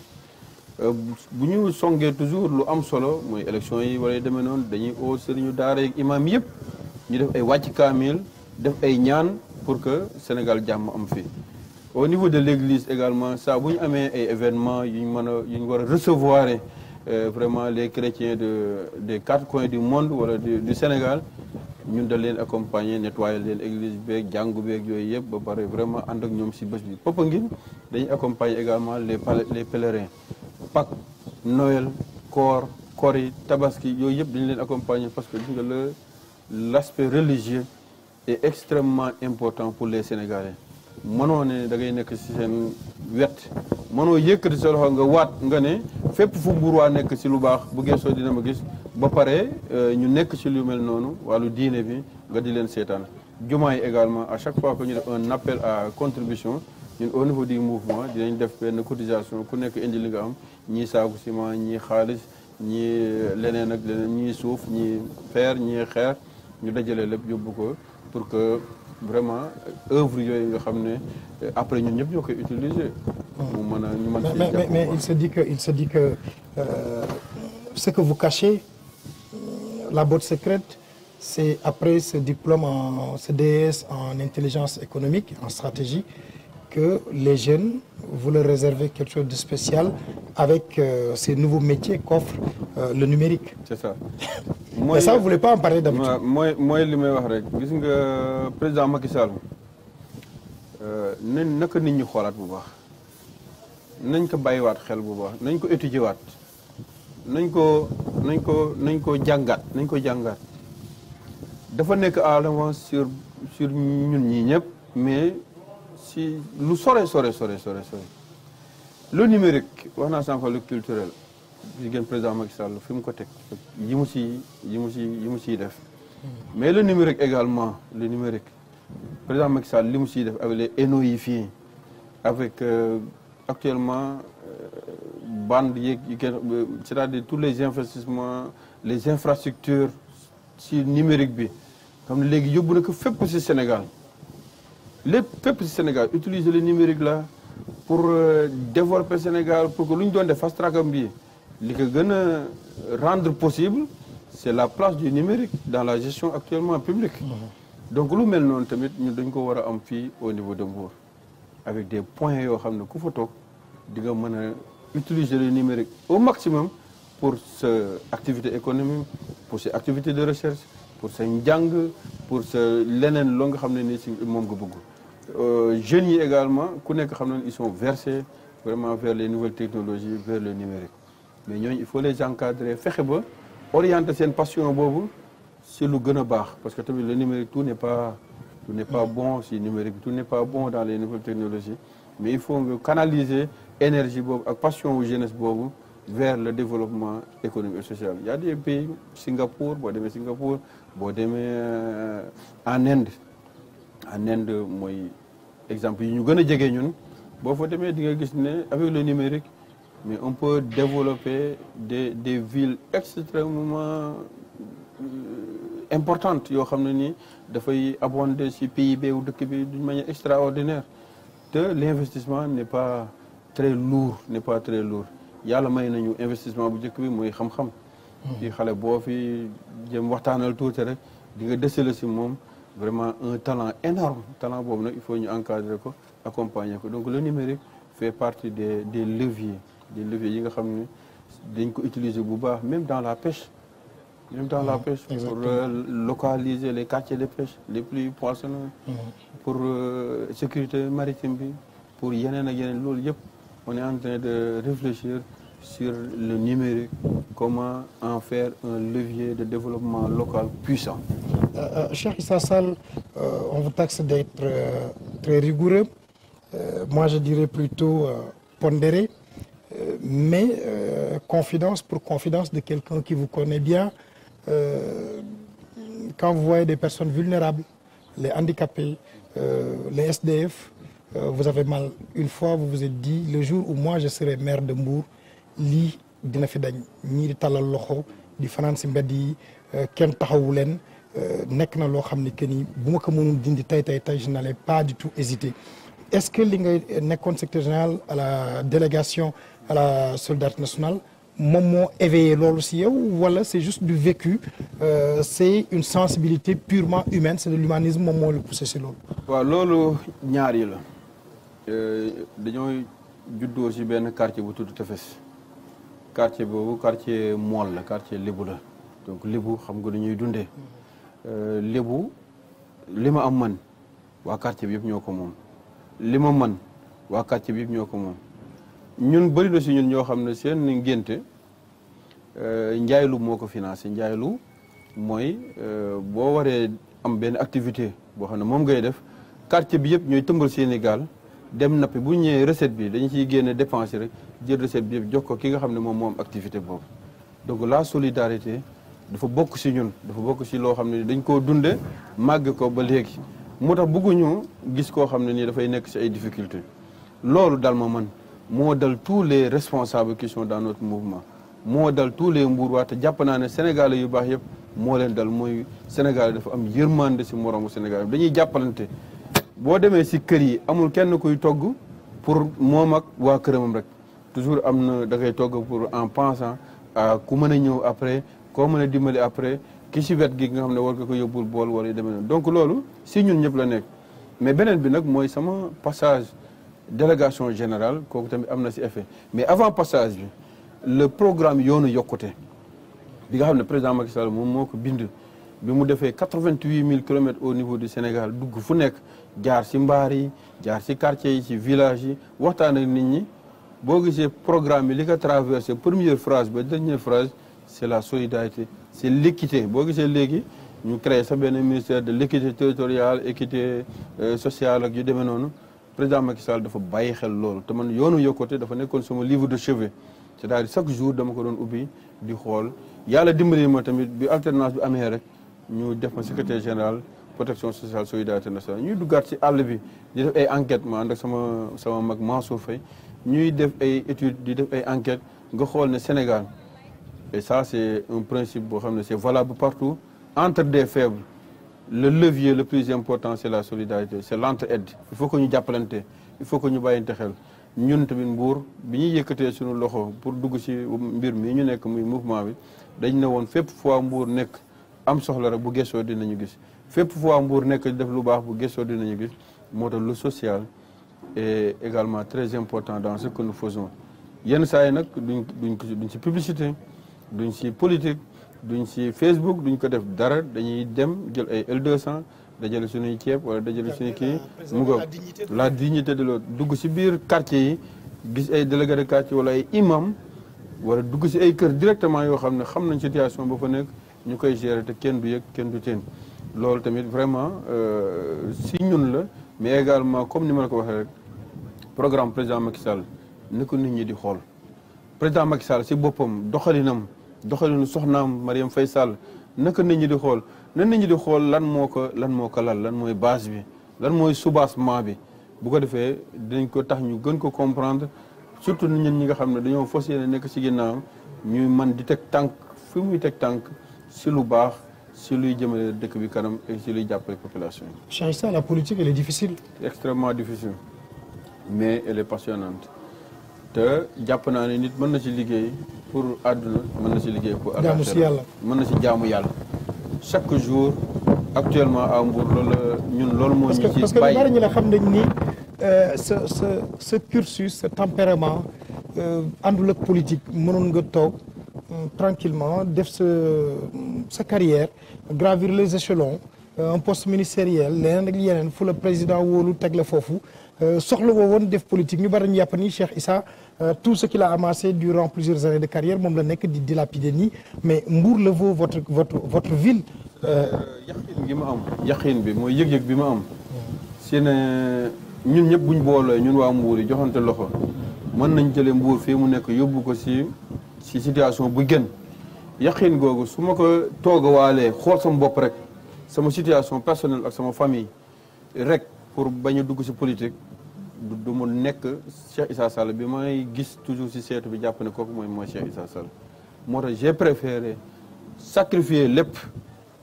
euh, bu ñu songee toujours lu am solo mooy élection yi wala demee noonu dañuy oo sëriñu daara imaam yëpp ñu def ay wàcc kaamil def ay ñaan pour que Sénégal jàmm am fi au niveau de l'église également saa bu ñu amee ay événements yu ñu mën a yu ñu war a recevoir euh, vraiment les chrétiens de des quatre coins du monde wala du Sénégal ñun da leen accompagner nettoyer leen église beeg jàngu beek yooy yëpp ba pare vraiment ànd ak ñoom si bés bi Popenguine dañuy accompagner également les les pèlerins Pâques Noël Koor Kori Tabaski yooyu yëpp dañu leen accompagner parce que gis nga le l' aspect religieux est extrêmement important pour les Sénégalais mënoo ne da ngay nekk ci seen wet mënoo yëkkati sa loxo nga waat nga ne fépp fu mbuur waa nekk ci lu baax bu geesoo dina ma gis ba pare euh, ñu nekk ci lu mel noonu wàllu diine bi nga di leen seetaan jumaa yi également à chaque fois que ñu def un appel à contribution ñun au niveau du mouvement dinañ def benn cotisation ku nekk indi li nga am ñii saaku ciment ñii xaalis ñii euh, leneen ak leneen ñii suuf ñii feer ñii xeer ñu dajale lépp yóbbu ko pour que vraiment œuvre yooyu nga xam ne euh, après ñun ñëpp ñoo koy utiliser. mu mën a ñu mën mais mais, mais il se dit que il se dit que euh, ce que vous cachez la boîte secrète c'est après ce diplôme en ce DS en intelligence économique en stratégie. que les jeunes voulaient réserver quelque chose de spécial avec euh, ces nouveaux métiers qu'offre euh, le numérique. c'est ça. mooy ça vous voulez pas en parler d'habitude. mooy mooy li may wax rek gis nga euh, président Macky Sall euh, na naka nit ñi xoolaat bu baax nañ ko bàyyiwaat xel bu baax nañ ko étudier waat nañ ko nañ ko nañ ko jàngaat nañ ko jàngaat dafa nekk à l'avance sur sur ñun ñii ñëpp ci lu sore sore sore sore sore le numérique wax naa sànq le culturel jigéen président Macky Sall fi mu ko teg yi mu si yi mu ci yi mu ciy def mais le numérique également le numérique président Macky Sall li mu ciy def avec les NO yi fii avec euh, actuellement euh, band yeeg yu kenn c'est-à-dire tous les investissements les infrastructures si numérique bi xam ne léegi yóbbu na ko fépp ci Sénégal lépp fépp ci Sénégal utiliser le numérique la pour euh, développer Sénégal pour que lu ñu doon def fast bi li ko gën a rendre possible c'est la place du numérique dans la gestion actuellement publique mmh. donc lu mel noonu tamit ñun dañ ko war a am fii au niveau de Mbour avec des points yoo xam ne ku fa toog di nga mën a utiliser le numérique au maximum pour sa activité économique pour sa activité de recherche pour sa njàng pour sa leneen loo nga xam ne nii si moom nga bëgg Euh, jeunes yi également ku nekk xam na ils sont versés vraiment vers les nouvelles technologies vers le numérique mais ñooñu il faut les encadrer fexe ba orienter seen passion boobu si lu gën a baax parce que tamit le numérique tout n'est pas tout n'est pas bon si numérique tout n'est pas bon dans les nouvelles technologies mais il faut nga canaliser énergie boobu ak passion wu jeunesse boobu vers le développement économie et social il y a des pays Singapour boo demee Singapour boo demee euh, en en Inde mooy exemple yi ñu gën a jege ñun boo fa demee di nga gis ne avec le numérique mais un peut développer des des villes extrêmement euh, importantes yoo xam ne nii dafay abonder ci PIB wu dëkk bi d'une manière extraordinaire te l'investissement n'est pas très lourd ne pas très lourd yàlla may nañu investissement bu njëkk bi mooy xam-xam. ci hmm. xale boo fi jëm waxtaanal tuuti rek di nga desale ci moom. vraiment un talent énorme boobu nag il faut ñu encadrer ko accompagner ko donc le numérique fait partie des des leviers des leviers yi nga xam ne dañ ko utiliser bu baax même dans la pêche même dans la pêche euh, exactement. pour localiser les quartiers de pêche les plus poissonneux mmh. pour euh, sécurité maritime bi pour yeneen a yeneen loolu yëpp on est en train de réfléchir sur le numérique comment en faire un levier de développement local puissant Euh, euh, Cheikh Issa Sall, euh, on vous taxe d'être très rigoureux. moi, je dirais plutôt pondéré. mais confidence pour confidence de quelqu'un qui vous connaît bien. quand vous voyez des personnes vulnérables, les handicapés, les SDF, vous avez mal. Une fois, vous vous êtes dit, le jour où moi je serai maire de Mbour, lii dina fi dañ ñii di talal loxo di fanaan si mbedd yi kenn taxawu leen Euh, nekk na loo xam ne que ni bu ma ko mënul dindi tey tey tey je n'allais pas du tout hésiter est-ce que li nga euh, nekkoon secrétaire général à la délégation à la solidarité nationale moom moo éveillé loolu si yow wala c'est juste du vécu euh, c'est une sensibilité purement humaine c'est de l'humanisme moom moo la poussé si loolu. waaw loolu ñaar yi la euh, dañoo juddoo si benn quartier bu tudd Tefes quartier boobu quartier mool la quartier Lébu la donc Lébu xam nga dañuy dundee. Euh, lébu li ma am man waa quartier bi yëpp ñoo ko moom li ma man waa quartier bi ñoo ko moom ñun bëri si ñun ñoo xam ne seen ngénte euh, njaaylu moo ko financé njaaylu mooy euh, boo waree am benn activité boo xam ne moom ngay def quartier bi yëpp ñooy tëmbal Sénégal dem nappi bu ñëwee recette bi dañu ciy génne dépense rek jël recette bi yëpp jox ko ki nga xam ne moom moom activité boobu donc la solidarité dafa bokk si ñun dafa bokk si loo xam ne dañ koo dunde màgg ko ba léegi moo tax bëgguñu gis koo xam ne nii dafay nekk si ay difficultés loolu dal ma man moo dal tous les responsables question sont dans notre mouvement moo dal tous les mbuur jàpp naa ne sénégalais yu baax yëpp moo leen dal mooy sénégal dafa am yërmande si moromu sénégal dañuy jàppalante boo demee si kër yi amul kenn kuy togg pour moom ak waa këramam rek toujours am na da ngay togg pour en pensant à ku mën a ñëw après koo mën a dimbali après ki si wet gi nga xam ne war nga ko yóbbul bool war yu demee noonu donc loolu si ñun ñëpp la nekk mais beneen bi nag mooy sama passage délégation général kooku tamit am na si effet mais avant passage bi le programme yoonu yokkute bi nga xam ne président Macky Sall moom moo ko bind bi mu defee mille kilomètres au niveau du Sénégal dugg fu nekk jaar si mbaar yi jaar si quartier yi si village yi waxtaan ak nit ñi boo gisee programme bi li ko traversé première phrase ba dernière phrase c'est la solidarité c'est l'équité boo gisee léegi ñu créé sax benn ministère de l'équité territoriale équité euh, sociale ak yu demee noonu président Macky Sall dafa bàyyi xel loolu te man yoonu yokkute dafa nekkoon sama livre de chevet cest à di chaque jour dama ko doon ubbi di xool yàlla dimbali ma tamit bi alternance bi amee rek ñu def ma secrétaire général protection sociale solidarité nationale ñuy dugaat si àll bi di def ay enquêtes ma sama sama mag Mansour Faye ñuy def ay études di def ay enquêtes nga xool ne Sénégal Et ça, c'est un principe, c'est valable partout. Entre des faibles, le levier le plus important, c'est la solidarité, c'est l'entraide. Il faut que ñu apprenons, il faut que xel baillons. ñun tamit mbuur bi ñuy yëkkatee suñu loxo pour dugg si mbir mi ñu nekk muy mouvement bi dañ ne woon fépp fois mbuur nekk am soxla rek bu gëstoo ñu gis fépp fois mbuur nekk def lu baax bu gëstoo dinañu gis moo tax lu social est également très important dans ce que nous yenn saa yi nag duñ duñ duñ ci publicité duñ si politique duñ si Facebook duñ ko def dara dañuy dem jël ay L200 dajale suñuy ceeb wala dajale suñuy kii mu ngo la dignité de l'autre dugg si biir quartier yi gis ay délégué de quartier wala ay imam wala dugg si ay kër directement yoo xam ne xam nañ situation ba fa nekk ñu koy gérer te kenn du yëg kenn du teen loolu tamit vraiment euh, si ñun la mais également comme ni ma la ko waxee rek programme président Macky Sall nit ñi di xool président Macky si boppam doxalinam doxalinu soxnaam Mariam fay Sall naka nit ñi di xool na nit ñi di xool lan moo ko lan moo ko lal lan mooy base bi lan mooy soubassement bi bu ko defee dañ ko tax ñu gën ko comprendre surtout ñun ñi nga xam ne dañoo fas yéene nekk ci ginnaawam ñuy man di teg tànk fi muy teg tànk si lu baax si luy jëmale dëkk bi kanam et si luy jàppale population yi. change ça la politique elle est extrêmement difficile mais elle est passionnante. te jàpp naa ne nit mën na ci liggéey pour àdduna mën na ci liggéey pour jaamu si yàlla mën na ci jaamu yàlla chaque jour actuellement à Mbour loolu ñun loolu moo ñu ci parce que parce que ñu la xam nañ ni sa sa sa cursus sa tempérament euh, àndul ak politique mënoon nga toog euh, tranquillement def sa sa carrière gravir les échelons euh, un poste ministériel leneen ak yeneen fu la président wóolu teg la foofu soxla woo woon def politique ñu bari ñu yàpp ni Cheikh Issa Euh, tout ce qu'il a amassé durant plusieurs années de carrière moom la nekk di dilapider nii mais Mbour le vaut votre votre votre ville. Euh, yaqin gi ma am yaqin bi mooy yëg-yëg bi ma am. si ne ñun ñëpp buñ booloo ñun waa Mbour yi joxante loxo man nañ jëlee mbuur fii mu nekk yóbbu ko si si situation bu gën yaqin googu su ma ko toog waalee xool sama bopp rek sama situation personnel ak sama famille rek pour bañ a dugg si politique. du mu nekk Cheikh Issa Sall bi may gis toujours ci seetu bi jàpp ne kooku mooy mooy Cheikh Issa Sall moo tax j'ai préféré sacrifier lépp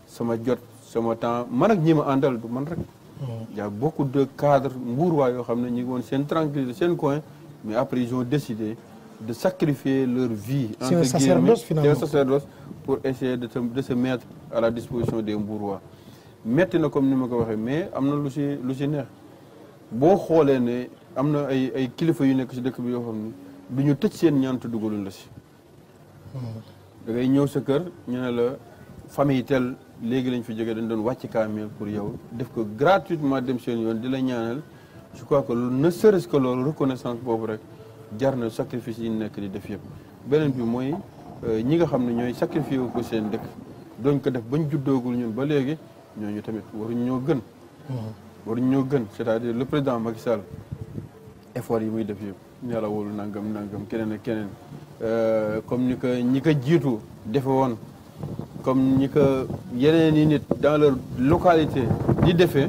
sama jot sama temps man ak ñi ma àndal du man rek. Hmm. y a beaucoup de cadre mbuurwaa yoo xam ne ñu ngi woon seen tranquille seen coin mais après ils ont décidé de sacrifier leur vie. entre guillemets c'est pour essayer de se mettre à la disposition des mbuurwaa metti na comme ni ma ko waxee mais am na lu ci lu ci neex. boo xoolee ne am na ay ay kilifa yu nekk si dëkk bi yoo xam ni du ñu tëj seen ñaan te dugaluñ la si. Hmm. da ngay ñëw sa kër ñu ne la famille tel léegi lañ fi jóge dañ doon wàcc kaameel pour yow def ko gratuitement dem seen yoon di la ñaanal su crois que ne serait-ce que loolu reconnaissance boobu rek jar na sacrifice yi nekk di def yëpp. beneen bi mooy euh, ñi nga xam ne ñooy sacrifié ko seen dëkk doñ ko def ba ñu juddoogul ñun ba léegi ñooñu tamit waruñ ñoo gën. Hmm. ñu ñoo gën cest a dire le président Macky Sall effort yi muy def yëpp ñarawul nangam nangam keneen ak keneen euh, comme ni ko ñi ko jiitu defe woon comme ñi ko yeneen yi nit dans leur localité di defee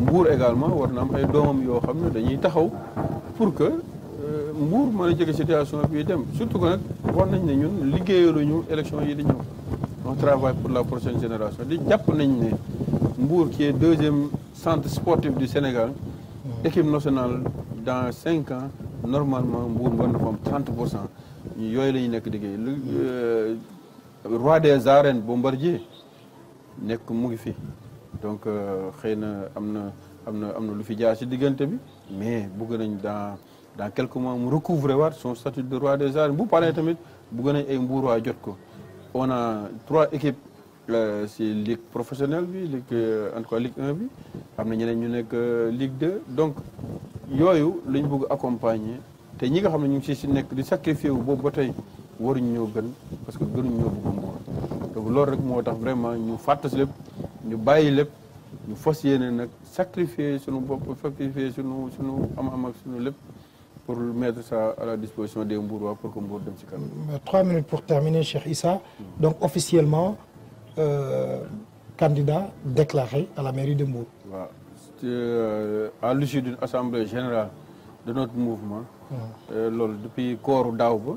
Mbour également war na am ay doomam yoo xam ne dañuy taxaw pour que Mbour euh, mën a jege situation bi dem surtout que nag wax nañ ne ñun liggéeyaluñu élection yi di ñëw on travaille pour la prochaine génération di jàpp nañ ne mbuur qui est deuxième centre sportif du Sénégal. Mm. équipe nationale dans cinq ans normalement Mbour war na fa am pour cent yooyu la ñu nekk liggéey lu euh, roi des arènes Bombardier nekk mu ngi fi donc euh, xëy na am na am na am na lu fi jaar ci diggante bi mais bëgg nañ dans dans quelques mois mu recouvrer waat son statut de roi des arènes bu paree tamit bëgg nañ ay mbuur waa jot ko on trois équipes. si ligue professionnelle bi ligue euh, en tout cas ligue bi am na ñeneen ñu nekk euh, ligue 2 donc yooyu lañ bugg accompagner te ñi nga xam ne ñu ngi si nekk di sacrifié wu boobu ba tey waruñ ñoo gën parce que gënuñ ñoo bëgg mboor loolu rek moo tax vraiment ñu fàttasi lépp ñu bàyyi lépp ñu fos yeneen nag sacrifié sunu bopp sacrifié sunu sunu am-am ak sunu lépp pour mettre ça à la disposition des Mbourois pour que Mbour dem ci kan trois minutes pour terminer Cheikh Issa. Euh, candidat déclaré à la mairie de Mbour. waaw euh, à l'issue d'une assemblée générale de notre mouvement. Euh, loolu depuis kooru daaw ba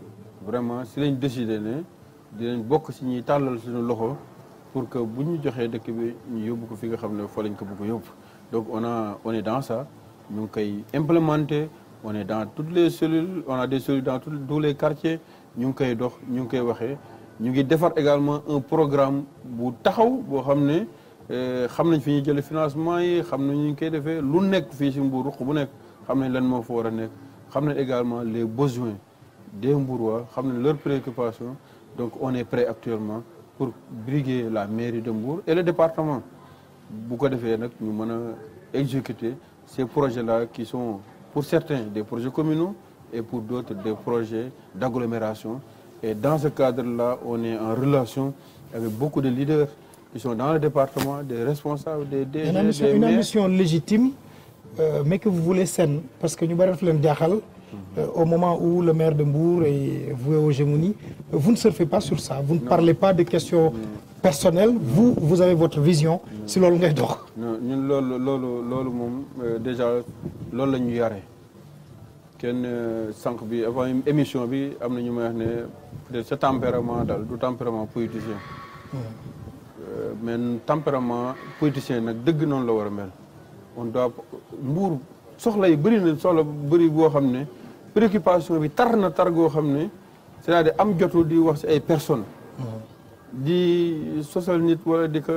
vraiment si lañ décidé ne dinañ bokk si ñuy tàllal suñu loxo pour que bu ñu joxee dëkk bi ñu yóbbu ko fi nga xam ne fa lañ ko bugg yëpp donc on a on est dans ñu ngi koy implémenter on dans toutes les cellules on a des cellules dans tous les quartiers ñu ngi koy dox ñu ngi koy waxee. ñu ngi defar également un programme bu taxaw boo xam ne euh, xam nañ fi ñu jëlee financement yi xam nañ ñu koy defee lu nekk fii si Mbour bu nekk xam nañ lan moo fa war a nekk xam nañ également les besoins des Mbourois xam nañ leurs préoccupations donc on est prêt actuellement pour briguer la mairie de Mbour et le département bu ko defee nag ñu mën a exécuter ces projets la qui son pour certains des projets communaux et pour d'autres des projets d'agglomération Et dans ce cadre-là, on est en relation avec beaucoup de leaders qui sont dans le département, des responsables, des DG, des ambition, des maires. Une ambition légitime, euh, mais que vous voulez saine. Parce que nous euh, avons au le maire de Mbourg est voué aux gémonies, euh, vous ne surfez pas sur ça. Vous ne non. parlez pas de questions non. personnelles. Non. Vous, vous avez votre vision. C'est ce que vous Non, nous, euh, déjà, nous kenn euh, sànq bi avant émission bi am na ñu may wax ne peut sa tempérament daal du tempérament politicien euh, mais tempérament politicien nag dëgg noonu la war a mel on doit mbuur soxla yi bëri na soxla bëri boo xam ne préoccupation bi tar na tar goo xam ne cest à am jotu di wax si ay personnes di sosal nit wala di ko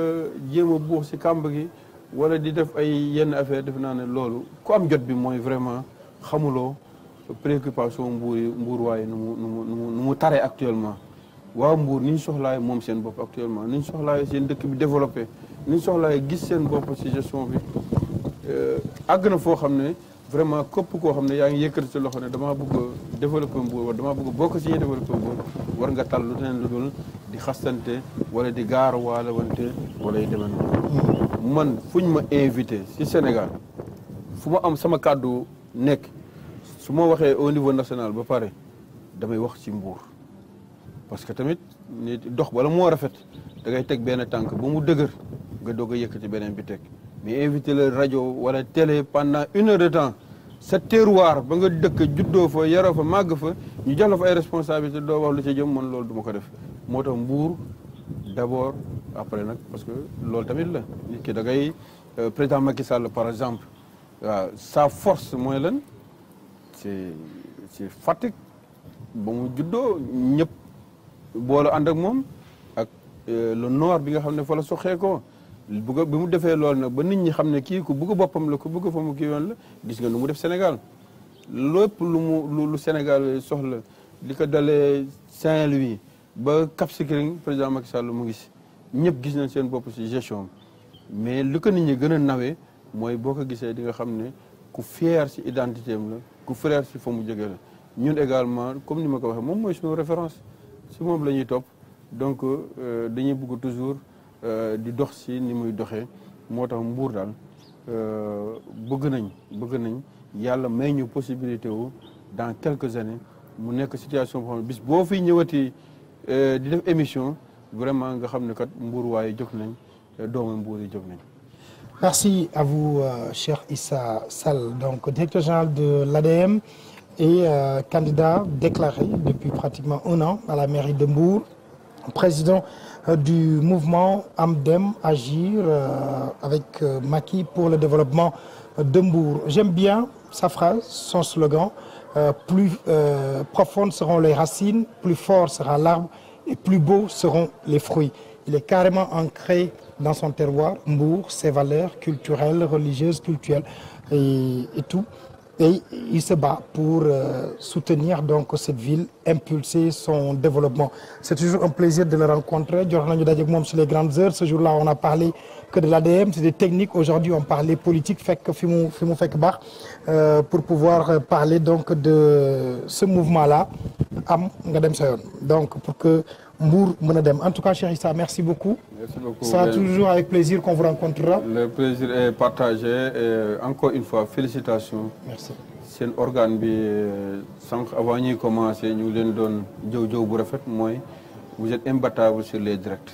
jéem a buux si kàmb gi wala di def ay yenn affaire def naa ne loolu ku am jot bi mooy vraiment xamuloo préoccupation mbuur yi waaye nu mu nu mu nu mu taree actuellement waaw mbuur ni ñu soxlaay moom seen bopp actuellement ni ñu soxlaay seen dëkk bi développé ni ñu soxlaay gis seen bopp ci gestion bi euh, àgg na foo xam ne vraiment képp koo xam ne yaa ngi yëkkati sa loxo ne damaa bëgg a développer mbuur wala damaa bëgg bokk si ñuy développer mbuur war nga tal lu teneen lu dul di xastante wala di gaar waala wante wala yu demee noonu hmm. man fuñ ma invité si Sénégal fu am sama kàddu nekk su ma waxee au niveau national ba pare damay wax ci Mbour parce que tamit dox bala moo rafet da ngay teg benn tànk ba mu dëgër nga doog a yëkkati beneen bi teg mais invité la rajo wala télé pendant une heure de temps sa terroir ba nga dëkk juddoo fa yaroo fa màgg fa ñu jox la fa ay responsabilité doo wax lu ci jëm man loolu duma ko def moo tax Mbour d'abord après nag parce que loolu tamit la nit ki da ngay euh, président Macky Sall par exemple waaw sa force mooy lan ci ci Fatick ba mu juddoo ñëpp boolu ànd ak moom ak euh, le nord bi nga xam ne fa la soxee ko bugg bi mu defee lool nag ba nit ñi xam ne kii ku bugg boppam la ku bugg fa mu kii yoon la gis nga lu mu def Sénégal lépp lu mu lu Sénégal soxla li ko dalee Saint-Louis ba Cap Skirring président Macky Sall mu ngi si ñëpp gis nañ seen bopp si gestion mais li ko nit ñi gën a nawee mooy boo ko gisee di nga xam ne ku fier ci identité am la ku frère si fa mu jógee la ñun également comme ni ma ko waxee moom mooy suñu référence si moom la ñuy topp donc euh, dañuy bugg toujours euh, di dox si ni muy doxee moo tax mbuur daal euh, bëgg nañ bëgg nañ yàlla may ñu possibilité dans quelques années mu nekk situation boo xam ne bis boo fi ñëwati di def émission vraiment nga xam ne kat mbuur waaye jóg nañ doomu mbuur yi jóg nañ Merci à vous, euh, cher Issa donc directeur général de l'ADM et euh, candidat déclaré depuis pratiquement un an à la mairie de Mbour, président euh, du mouvement Amdem Agir euh, avec euh, Maki pour le développement de Mbour. J'aime bien sa phrase, son slogan, euh, plus profondes seront les racines, plus fort sera l'arbre et plus beaux seront les fruits. Il est carrément ancré dans son terroir, Mbour, ses valeurs culturelles, religieuses, culturelles et, et tout. Et il se bat pour euh, soutenir cette ville, impulser son développement. C'est toujours un plaisir de le rencontrer. Jox nañu dajeeg moom sur les grandes heures ce jour-là on a parlé que de l'ADM, c'est des techniques. Aujourd'hui on parlait politique fekk fi mu fi mu fekk baax euh, pour pouvoir euh, parler donc de ce mouvement-là am nga dem sa yoon donc pour que Mbour mën a dem en tout cas Cheikh Issa merci beaucoup. merci beaucoup ça toujours avec plaisir qu'on vous rencontrera. le plaisir est partagé et encore une fois félicitations. merci seen organe bi euh, sànq avant ñuy commencé ñu ngi leen doon jëw jëw bu rafet mooy vous êtes imbattable sur les directs.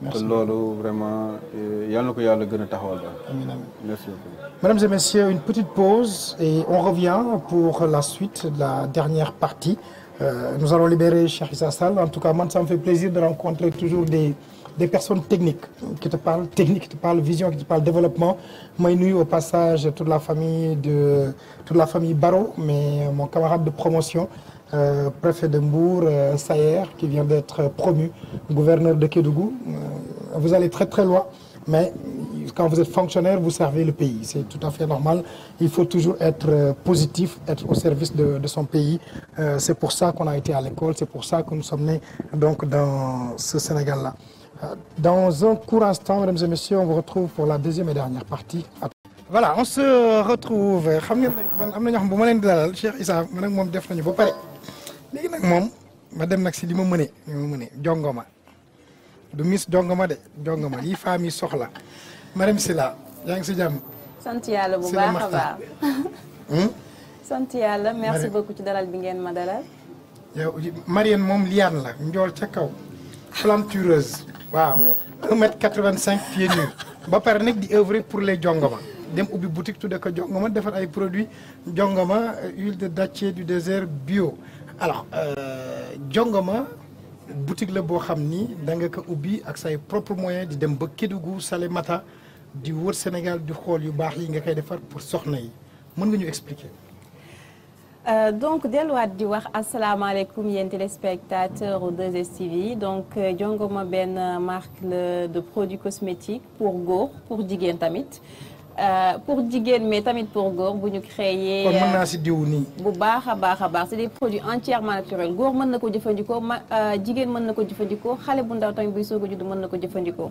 merci loolu vraiment euh, yal na ko yàlla gën a taxawal. amiin amiin merci beaucoup. mesdames et messieurs une petite pause et on revient pour la suite de la dernière partie. Euh, nous allons libérer Cheikh Issa Sall. En tout cas, moi, ça me fait plaisir de rencontrer toujours des, des personnes techniques qui te parlent technique, qui te parlent vision, qui te parlent développement. Moi, nuit au passage toute la famille de toute la famille Barreau, mais mon camarade de promotion, euh, préfet de Mbour, euh, Sayer, qui vient d'être promu gouverneur de Kédougou. Euh, vous allez très très loin. mais quand vous êtes fonctionnaire, vous servez le pays. C'est tout à fait normal. Il faut toujours être euh, positif, être au service de, de son pays. Euh, c'est pour ça qu'on a été à l'école, c'est pour ça que nous sommes nés donc, dans ce Sénégal-là. Euh, dans un court instant, mesdames et messieurs, on vous retrouve pour la deuxième et dernière partie. voilà on se retrouve xam ngeen nag man am na ñoo xam bu ma leen di dalal Cheikh Issa man ak moom def nañu ba pare léegi nag moom ma dem nag si li ma mënee li ma mënee du miss dongama de dongama yi femme soxla Mariam Sila yaa ngi si jàmm. sant yàlla bu baax a baax hmm? sant merci beaucoup ci daral bi ngeen ma dalal. yow Mariam moom liyaan la njool ca kaw. plantureuse waaw 1 mètre 85 pieds nus ba pare nag di œuvrer pour les jongama dem ubbi boutique tudde ko jongama defar ay produit jongama huile de dattier du désert bio alors euh, jongama. boutique la boo xam ni da nga ko ubbi ak say propre moyen di dem ba Kédougou Salémata di wër Sénégal di xool yu baax yi nga koy defar pour soxna yi mën nga ñu expliquer. Euh, donc delluwaat di wax asalaamaaleykum yéen téléspectateurs au 2STV donc euh, jongoma benn marque de produits cosmétiques pour góor pour jigéen tamit. Euh, pour jigéen mais tamit pour góor bu ñu créer. kon euh, bu baax a baax a baax c'est des produits entièrement naturels góor mën na ko jëfandikoo ma euh, jigéen mën na ko jëfandikoo xale bu ndaw tamit buy soo a judd mën na ko jëfandikoo.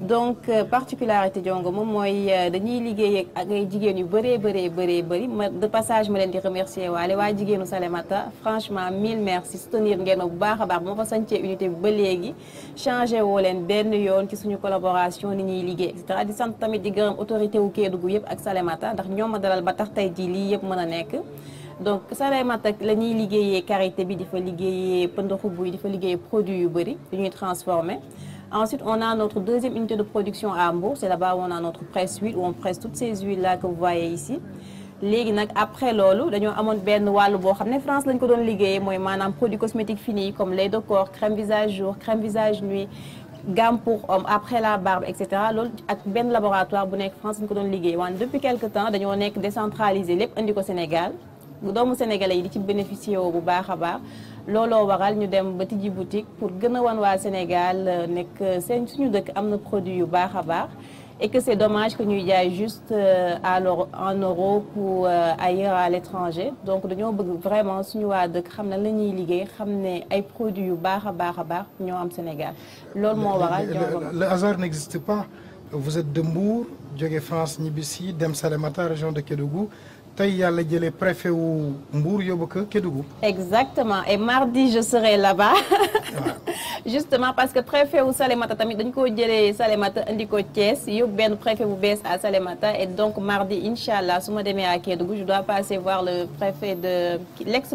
donc particularité jongo moom mooy dañuy liggéey ak ay jigéen yu bëree bëree bëree bëri ma de passage ma leen di remercier waale waa jigéenu Salemata franchement mille merci soutenir ngeen bu baax a baax moo ma fa sancee unité bi ba léegi changé woo leen benn yoon ci suñu collaboration ñuy liggéey Kédougou yëpp ak Salémata ndax ñoo ma dalal ba tax tey jii lii yëpp mën a nekk donc Salémata la ñuy liggéeyee bi di fa liggéeyee pëndaxubu yi di fa liggéeyee produit yu bëri yu ñuy transformé ensuite on a notre deuxième unité de production à Mbour c'est là-bas on a notre presse huile où on presse toutes ces huiles là que vous ici léegi nag après loolu dañoo amoon benn wàllu boo xam ne France lañ ko doon liggéeyee mooy maanaam produits cosmétiques finis gamme pour homme après la barbe et cetera loolu ak benn laboratoire bu nekk France ñu ko doon liggéey wante depuis quelque temps dañoo nekk décentralisé lépp indi ko Sénégal doomu sénégalais yi di ci bénéficié woo bu baax a baax looloo waral ñu dem ba tijji boutique pour gën a wan waa Sénégal euh, nekk seen suñu dëkk am na produit yu baax a baax. et que c'est dommage que ñuy jaay juste euh, à en euros ou euh, ailleurs à l'étranger donc dañoo bëgg vraiment suñu waa dëkk xam na la ñuy liggéey xam ne ay produits yu baax a baax a baax ñoo am Sénégal loolu moo waral le hasard n'existe pas vous êtes de Mbour jóge France ñibbisi dem Salémata région de Kédougou tey yàlla jëlee préfet wu Mbour yóbbu ko Kédougou. exactement et mardi je serai là-bas. justement parce que préfet wu Salémata tamit dañ koo jëlee Salémata indi ko Thiès yóbbu benn préfet bu bees à Salémata et donc mardi incha allah su ma demee à Kédougou je dois passer voir le préfet de lex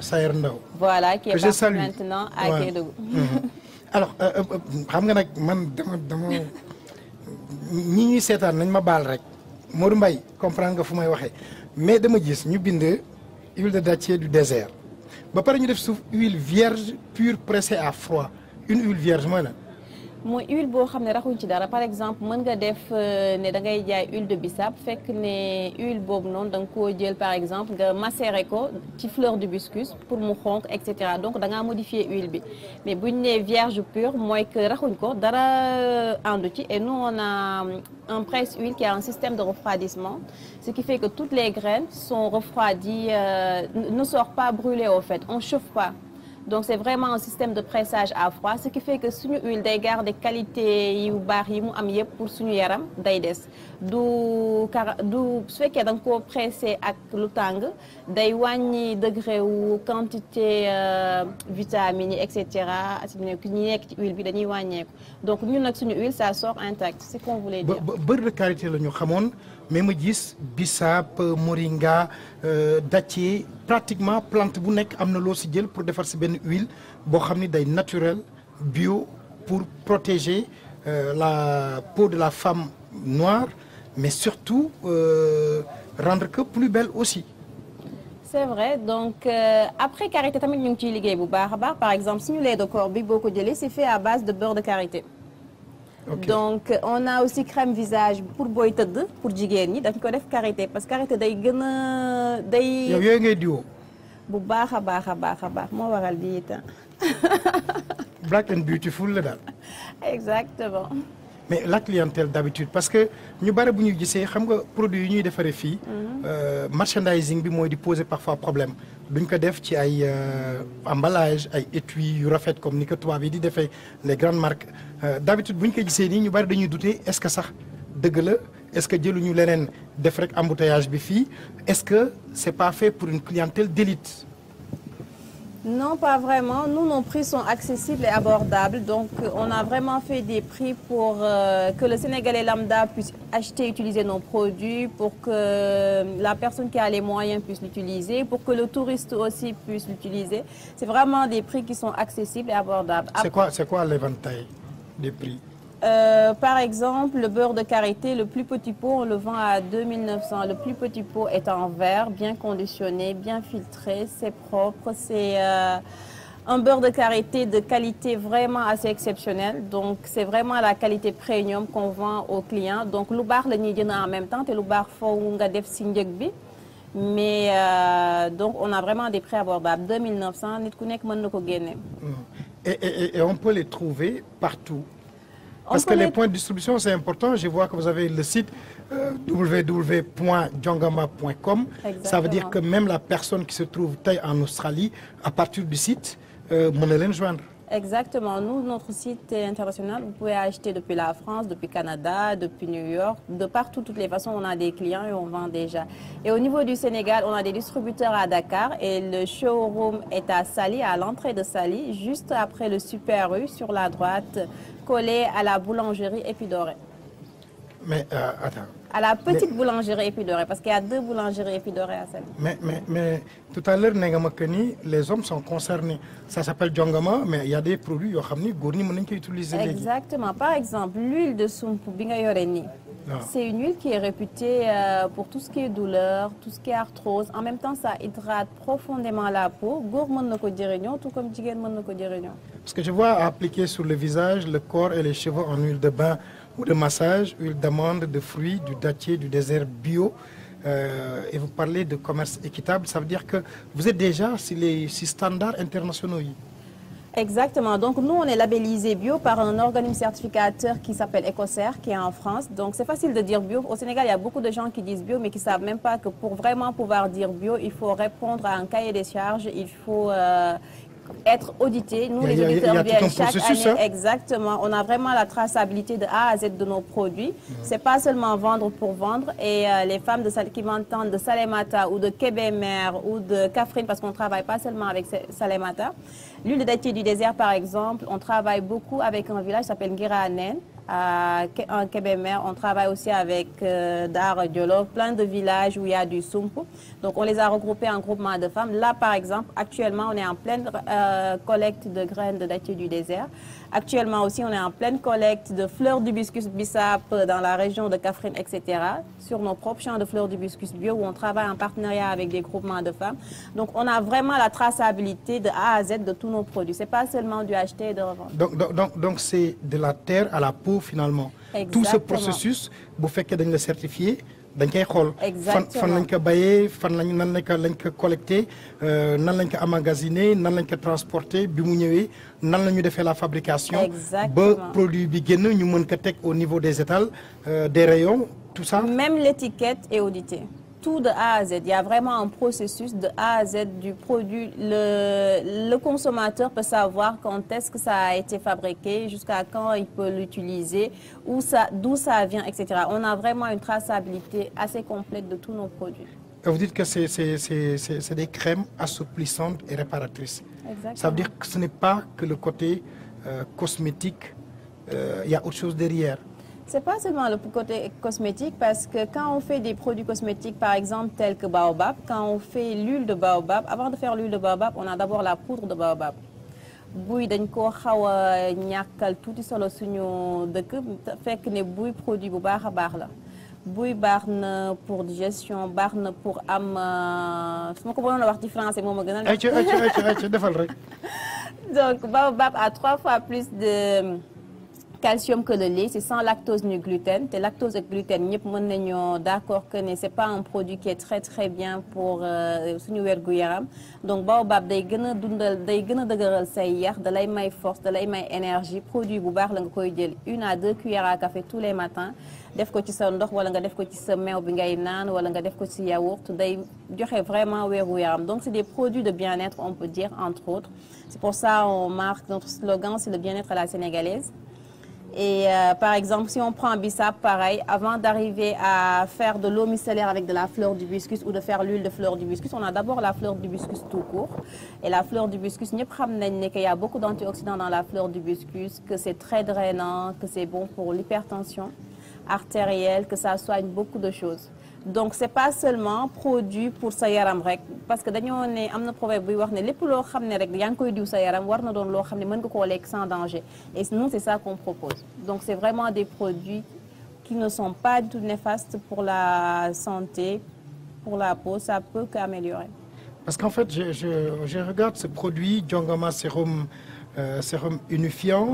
Sayer Ndao voilà qui est parti maintenant à ouais. Kédougou. Mhm. alors euh, euh, euh, xam nga nag man dama nañ ma baal rek. Modou mbay comprendre nga fu may waxee mais dama gis ñu bind huile de dattier du désert ba pare ñu def suuf huile vierge pur pressée à froid une huile vierge mooy lan mooy huile boo xam ne raxuñ ci dara par exemple mën nga def euh, ne da ngay jaay huile de bissap fekk ne huile boobu noonu da nga koo jël par exemple nga macéré ko ci fleur d'hibiscus pour mu xonq et cetera donc danga ngaa modifier huile bi mais buñ ne vierge pure mooy que raxuñ ko dara euh, àndu ci et nous on a euh, un presse huile qui a un système de refroidissement ce qui fait que toutes les graines sont refroidies euh, ne sortent pas brûlées au fait on chauffe pas donc c'est vraiment un système de pressage à froid ce qui fait que suñu huile day garder qualité yu baax yi mu am yëpp pour suñu yaram day des du kara du su fekkee da nga koo pressé ak lu tàng day wàññi degré wu quantité euh, vitamines yi et cetera ki ñi nekk ci huile bi dañuy wàññeeku donc ñu nag suñu huile ça sort intact c'est ce qu'on voulait dire. bëri qualité la ñu xamoon mais ma gis bisaab moringa euh, dace pratiquement plante bu nekk am na loo si jël pour defar si benn huile boo xam ni day naturel bio pour protéger euh, la peau de la femme noire mais surtout euh, rendre que plus belle aussi. c'est vrai donc euh, après karité tamit ñu ngi ciy liggéey bu baax a baax par exemple suñu lait de corps bi boo ko jëlee c'est fait à base de beurre de karité. Okay. donc on a aussi crème visage pour booy tëdd pour jigéen ñi dañ ko def karité parce que karité day gën a day. yow yooyu bu baax a baax a baax a baax moo waral bii itam. black and beautiful la daal. exactement. mais la clientèle d'habitude parce que ñu bare bu ñu gisee xam nga produit yi ñuy defaree fii. Mhm. Euh, merchandising bi mooy di poser parfois problème duñ ko def ci ay euh, emballage ay étui yu rafet comme ni ko tubaab yi di defee les grandes marques euh, d'habitude buñ ko gisee nii ñu bari dañuy douter est-ce que sax dëgg la. est-ce que jëluñu leneen def rek embouteillage bi fii est-ce que c'est pas fait pour une clientèle d'élite Non, pas vraiment. Nous, nos prix sont accessibles et abordables. Donc, euh, on a vraiment fait des prix pour euh, que le Sénégalais lambda puisse acheter, utiliser nos produits, pour que la personne qui a les moyens puisse l'utiliser, pour que le touriste aussi puisse l'utiliser. C'est vraiment des prix qui sont accessibles et abordables. C'est quoi, quoi l'éventail des prix Euh, par exemple, le beurre de karité, le plus petit pot, on le vend à 2900. Le plus petit pot est en verre, bien conditionné, bien filtré, c'est propre, c'est euh, un beurre de karité de qualité vraiment assez exceptionnelle. Donc, c'est vraiment la qualité premium qu'on vend aux clients. Donc, lu baax la ñuy jënd en même temps te lu baax foofu nga def si njëg bi. mais euh, donc on a vraiment des prix abordables 2900 nit ku nekk mën na ko génne. Mm. et et on peut les trouver partout. Parce que les points de distribution, c'est important. Je vois que vous avez le site euh, www.djongama.com. Ça veut dire que même la personne qui se trouve taille en Australie, à partir du site, euh, mën na leen joindre. Exactement. Nous, notre site est international. Vous pouvez acheter depuis la France, depuis Canada, depuis New York, de partout. De toutes les façons, on a des clients et on vend déjà. Et au niveau du Sénégal, on a des distributeurs à Dakar et le showroom est à Sali, à l'entrée de Sali, juste après le Super U sur la droite, collé à la boulangerie Épidorée. mais euh, attends. à la petite mais, boulangerie Épidorée parce qu'il y a deux boulangeries Épidorée à Saly. mais mais mais tout à l'heure ne nga ma que ni les hommes sont concernés ça s'appelle jongama mais il y a des produits yoo xam ni góor ñi mën nañu koy utiliser. exactement par exemple l'huile de sump bi nga yore nii. c'est une huile qui est réputée euh, pour tout ce qui est douleur tout ce qui est arthrose en même temps ça hydrate profondément la peau góor mën na ko jëriñoo tout comme jigéen mën na ko jëriñoo. parce que je vois appliquer sur le visage le corps et les cheveux en huile de bain. ou de massage, huile d'amande, de fruits, du dattier, du désert bio. Euh, et vous parlez de commerce équitable, ça veut dire que vous êtes déjà sur les si standards internationaux. Exactement. Donc, nous, on est labellisé bio par un organisme certificateur qui s'appelle Ecocer, qui est en France. Donc, c'est facile de dire bio. Au Sénégal, il y a beaucoup de gens qui disent bio, mais qui ne savent même pas que pour vraiment pouvoir dire bio, il faut répondre à un cahier des charges, il faut... Euh être audité. Nous, les auditeurs viennent chaque année. Hein? Exactement. On a vraiment la traçabilité de A à Z de nos produits. Mm -hmm. C'est pas seulement vendre pour vendre. Et euh, les femmes de, qui m'entendent de Salemata ou de Kébémer ou de Kafrine, parce qu'on travaille pas seulement avec Salemata. L'huile de dattier du désert, par exemple, on travaille beaucoup avec un village qui s'appelle Ngiranen à, en Kébémer. On travaille aussi avec euh, Dar Diolo, plein de villages où il y a du soumpu. Donc on les a regroupés en groupement de femmes. Là, par exemple, actuellement, on est en pleine euh, collecte de graines de dattier du désert. Actuellement aussi, on est en pleine collecte de fleurs d'hibiscus bissap dans la région de Kaffrine, etc. sur nos propres champs de fleurs d'hibiscus bio où on travaille en partenariat avec des groupements de femmes. Donc, on a vraiment la traçabilité de A à Z de tous nos produits. C'est pas seulement du acheter et de revendre. Donc, donc, donc, donc c'est de la terre à la peau finalement. Exactement. Tout ce processus, bu fekkee dañ la certifié. dañ koy xool. fan fan lañ ko bayee fan lañ nan lañ ko lañ ko collecté euh, nan lañ ko emmagasiné nan lañ ko transporté bi mu ñëwee nan la ñu defee la fabrication. ba produit bi génn ñu mën ko teg au niveau des étals euh, des rayons tout ça. même l'étiquette est auditée. tout de A à Z. Il y a vraiment un processus de A à Z du produit. Le, le consommateur peut savoir quand est-ce que ça a été fabriqué, jusqu'à quand il peut l'utiliser, d'où ça, ça vient, etc. On a vraiment une traçabilité assez complète de tous nos produits. Vous dites que c'est des crèmes assouplissantes et réparatrices. Exactement. Ça veut dire que ce n'est pas que le côté euh, cosmétique, euh, il euh, y a autre chose derrière. C'est pas seulement le côté cosmétique parce que quand on fait des produits cosmétiques par exemple tels que baobab, quand on fait l'huile de baobab, avant de faire l'huile de baobab, on a d'abord la poudre de baobab. buy dañ koo xaw a ñàkkal tuuti solo suñu dëkk fekk ne buy produit bu baax a baax la buy baax na pour digestion baax na pour am euh, su ma ko mënoon a wax ci français moom a gënal. ayca ayca ayca defal a plus de. calcium que le lait c'est sans lactose ni gluten te lactose ak gluten ñëpp mën nañoo d'accord que ne c'est pas un produit qui est très très bien pour euh, suñu wergu yaram donc baobab day gën a dundal day gën a dëgëral say yax da lay may force da lay may énergie produit bu baax la nga koy jël une à deux cuillères à café tous les matins def ko ci sa ndox wala nga def ko ci sa meew bi ngay naan wala nga def ko ci yaourt day joxe vraiment weeru yaram donc c'est des produits de bien-être on peut dire entre autres c'est pour ça le bien-être à Et euh, par exemple, si on prend Bissap, pareil, avant d'arriver à faire de l'eau micellaire avec de la fleur d'hibiscus ou de faire l'huile de fleur d'hibiscus, on a d'abord la fleur d'hibiscus tout court. Et la fleur d'hibiscus, ñëpp xam nañ ne qu'il y a beaucoup d'antioxydants dans la fleur d'hibiscus, que c'est très drainant, que c'est bon pour l'hypertension artérielle, que ça soigne beaucoup de choses. donc c'est pas seulement produit pour sa yaram rek parce que dañoo ne am na proverbe buy wax ne lépp loo xam ne rek yaa ngi koy diw sa yaram war na doon loo xam ne mën nga koo lekk sans danger et nous c'est ça qu'on propose donc c'est vraiment des produits qui ne sont pas du tout néfastes pour la santé pour la peau ça peut qu'améliorer parce qu'en fait je je je regarde ce produit Jongama sérum euh, sérum unifiant